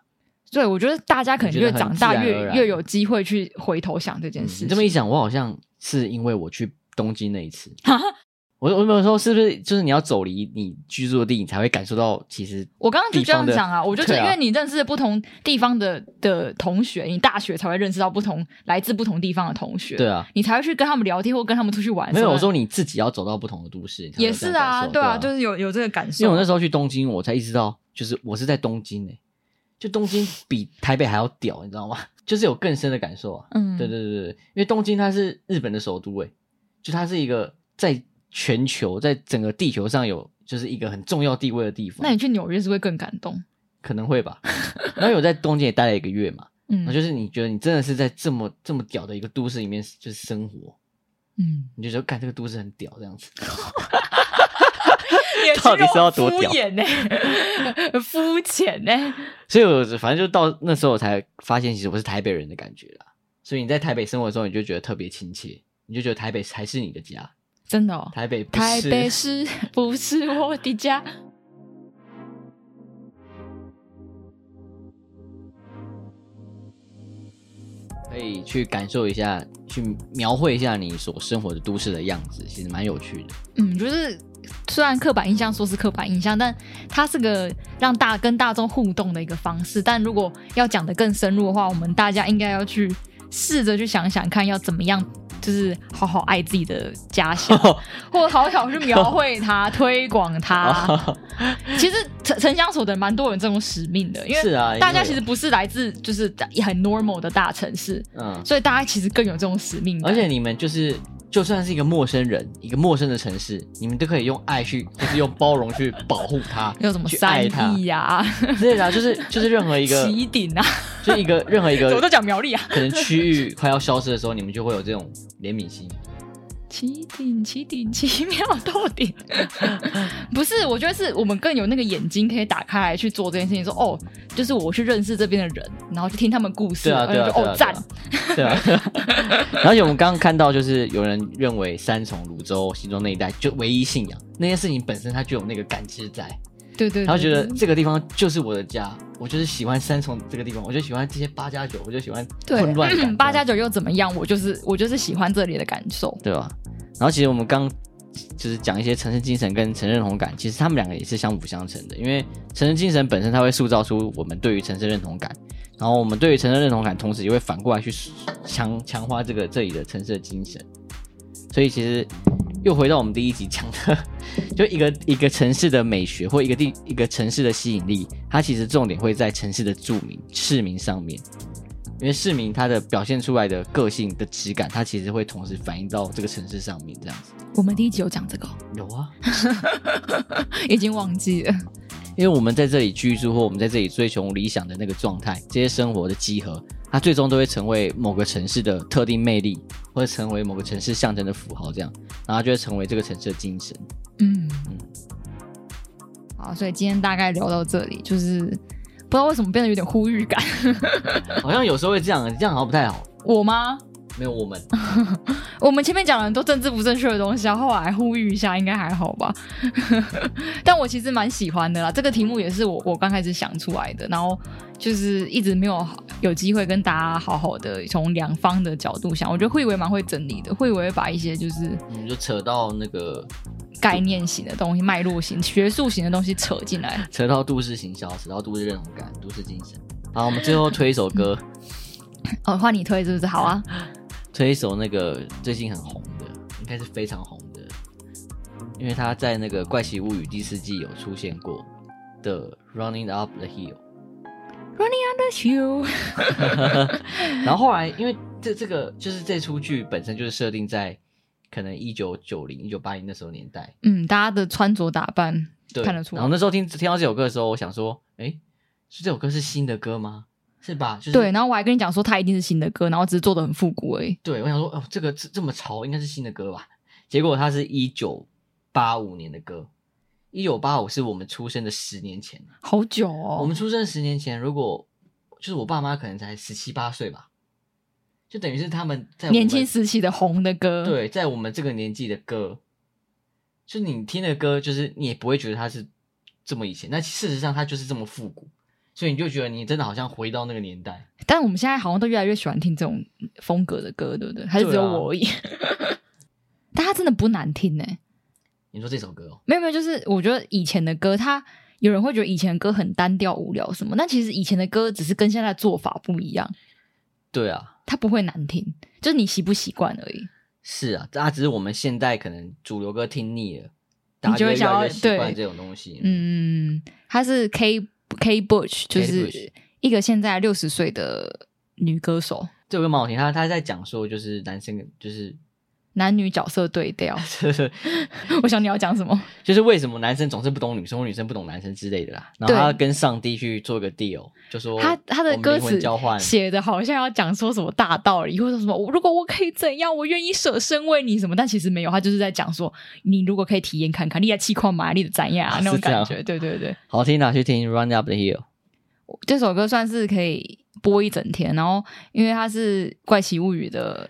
對，我覺得大家可能越長大越然然越，越有機會去回頭想這件事情，嗯。這麼一想，我好像是因為我去東京那一次，哈我我有沒有說是不是就是你要走離你居住的地，你才會感受到其實我剛剛就這樣講啊，我就覺得因為你認識不同地方的，啊、的同學，你大學才會認識到不同來自不同地方的同學，對啊，你才會去跟他們聊天或跟他們出去玩。沒有我說你自己要走到不同的都市也是啊，啊，對啊，就是有有這個感受。因為我那時候去東京，我才意識到就是我是在東京哎、欸。就東京比台北還要屌，你知道嗎？就是有更深的感受啊。嗯，對對對對，因為東京它是日本的首都、欸，哎，就它是一個在全球在整個地球上有就是一個很重要地位的地方。那你去紐約是會更感動？可能會吧。然後有在東京也待了一個月嘛，嗯，那就是你覺得你真的是在這麼這麼屌的一個都市裡面就是生活，嗯，你就覺得看這個都市很屌這樣子。 [LAUGHS] [LAUGHS] 到底是要多屌呢？膚淺呢？所以，我反正就到那時候，我才發現，其實我是台北人的感覺啦。所以你在台北生活的時候，你就覺得特別親切，你就覺得台北才是你的家，真的哦。台北，台北是不是我的家 [LAUGHS] ？可以去感受一下，去描繪一下你所生活的都市的樣子，其實蠻有趣的。嗯，就是。雖然刻板印象說是刻板印象，但它是個讓大跟大眾互動的一個方式。但如果要講得更深入的話，我們大家應該要去試着去想想看，要怎麼樣就是好好愛自己的家鄉，呵呵或好好去描繪它，呵呵推廣它。呵呵其實城城鄉所的蠻多有這種使命的，因為大家其實不是來自就是很 normal 的大城市，嗯，所以大家其實更有這種使命感。而且你們就是。就算是一個陌生人，一個陌生的城市，你們都可以用愛去， [LAUGHS] 或是用包容去保護他，要怎麼去愛他呀？對、啊、 [LAUGHS] 的，就是就是任何一個，起頂啊！ [LAUGHS] 就一個任何一個，我都講苗栗啊， [LAUGHS] 可能區域快要消失的時候，你們就會有這種憐憫心。奇頂奇頂，奇妙到底。 [LAUGHS] 不是，我覺得是我們更有那個眼睛可以打開來去做這件事情。說哦，就是我去認識這邊的人，然後去聽他們故事，對啊對哦讚。對啊。而且、啊哦啊啊啊、 [LAUGHS] [LAUGHS] 我們剛剛看到，就是有人認為三重蘆洲新莊那一帶就唯一信仰那件事情本身，它就有那個感知在。對對，然後覺得這個地方就是我的家，我就是喜歡三重這個地方，我就喜歡這些八加九，我就喜歡混亂。八加九又怎麼樣？我就是我就是喜歡這裡的感受，對吧？然後其實我們剛剛就是講一些城市精神跟城市認同感，其實他們兩個也是相輔相成的，因為城市精神本身它會塑造出我們對於城市認同感，然後我們對於城市認同感，同時也會反過來去強強化這個這裡的城市的精神，所以其實。又回到我們第一集講的，就一個一個城市的美學，或一個地一個城市的吸引力，它其實重點會在城市的住民、市民上面，因為市民他的表現出來的個性的質感，它其實會同時反映到這個城市上面，這樣子。我們第一集有講這個？有啊， [LAUGHS] 已經忘記了。因為我們在這裡居住，或我們在這裡追求理想的那個狀態，這些生活的集合，它最終都會成為某個城市的特定魅力，或者成為某個城市象徵的符號，這樣，然後就會成為這個城市的精神。嗯嗯。好，所以今天大概聊到這裡，就是不知道為什麼變得有點呼籲感， [LAUGHS] 好像有時候會這樣，這樣好像不太好。我嗎？沒有我們， [LAUGHS] 我們前面講了很多政治不正確的東西，啊，然後我來呼籲一下應該還好吧。 [LAUGHS] 但我其實蠻喜歡的啦，這個題目也是我我剛開始想出來的，然後就是一直沒有有機會跟大家好好的從兩方的角度想，我覺得會偉蠻會整理的，會偉會把一些就是，我們就扯到那個概念型的東西、脈絡型、學術型的東西扯進來，扯到都市行銷，然後都市認同感、都市精神。好，我們最後推一首歌， [LAUGHS] 哦，換你推是不是？好啊。推一首那個最近很紅的，應該是非常紅的，因為他在那個《怪奇物語》第四季有出現過的《The、Running Up the Hill》。Running Up the Hill。 [LAUGHS] [LAUGHS] 然後後來，因為這這個就是這齣劇本身就是設定在可能一九九零、一九八零那時候年代。嗯，大家的穿着打扮對，看得出。然後那時候聽聽到這首歌的時候，我想說，誒、欸，是這首歌是新的歌嗎？是吧？就是，對，然後我還跟你講說，他一定是新的歌，然後只是做的很復古哎、欸。對，我想說，哦，這個這這麼潮，應該是新的歌吧？結果它是一九八五年的歌，一九八五是我們出生的十年前，好久哦。我們出生十年前，如果就是我爸媽可能才十七八歲吧，就等於是他們在我們年輕時期的紅的歌。對，在我們這個年紀的歌，就你聽的歌，就是你也不會覺得它是這麼以前，但事實上它就是這麼復古。所以你就覺得你真的好像回到那個年代，但是我們現在好像都越來越喜歡聽這種風格的歌，對不對？還是只有我而已？啊、 [LAUGHS] 但它真的不難聽呢。你說這首歌、哦，沒有沒有，就是我覺得以前的歌，他有人會覺得以前的歌很單調無聊什麼，但其實以前的歌只是跟現在的做法不一樣。對啊，它不會難聽，就是你習不習慣而已。是啊，他只是我們現在可能主流歌聽膩了，大家會想要習慣這種東西。嗯，它是 K。Kate Bush 就是一個現在六十歲的女歌手。這首歌蠻好聽，他他在講說，就是男生就是。男女角色對調， [LAUGHS] 我想你要講什麼？ [LAUGHS] 就是為什麼男生總是不懂女生，或女生不懂男生之類的啦。然後他跟上帝去做個 deal，就說他他的歌詞寫的好像要講說什麼大道理，或者什麼我如果我可以怎樣，我願意捨身為你什麼，但其實沒有，他就是在講說你如果可以體驗看看，你在氣礦瑪麗的展演啊，那種感覺，對對對，對，好聽的，啊、去聽《Run Up the Hill》這首歌，算是可以播一整天。然後因為它是怪奇物語的。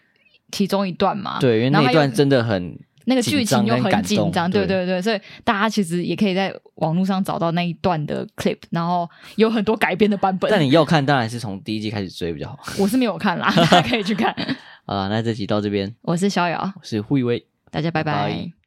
其中一段嘛，對，因為那一段真的很那個，劇情又很緊張，那個，對對對，所以大家其實也可以在網絡上找到那一段的 clip，然後有很多改編的版本。但你要看，當然是從第一季開始追比較好。 [LAUGHS] 我是沒有看啦， [LAUGHS] 大家可以去看啊。那這集到這邊，我是逍遙，我是 Huì-uē，大家拜拜。Bye bye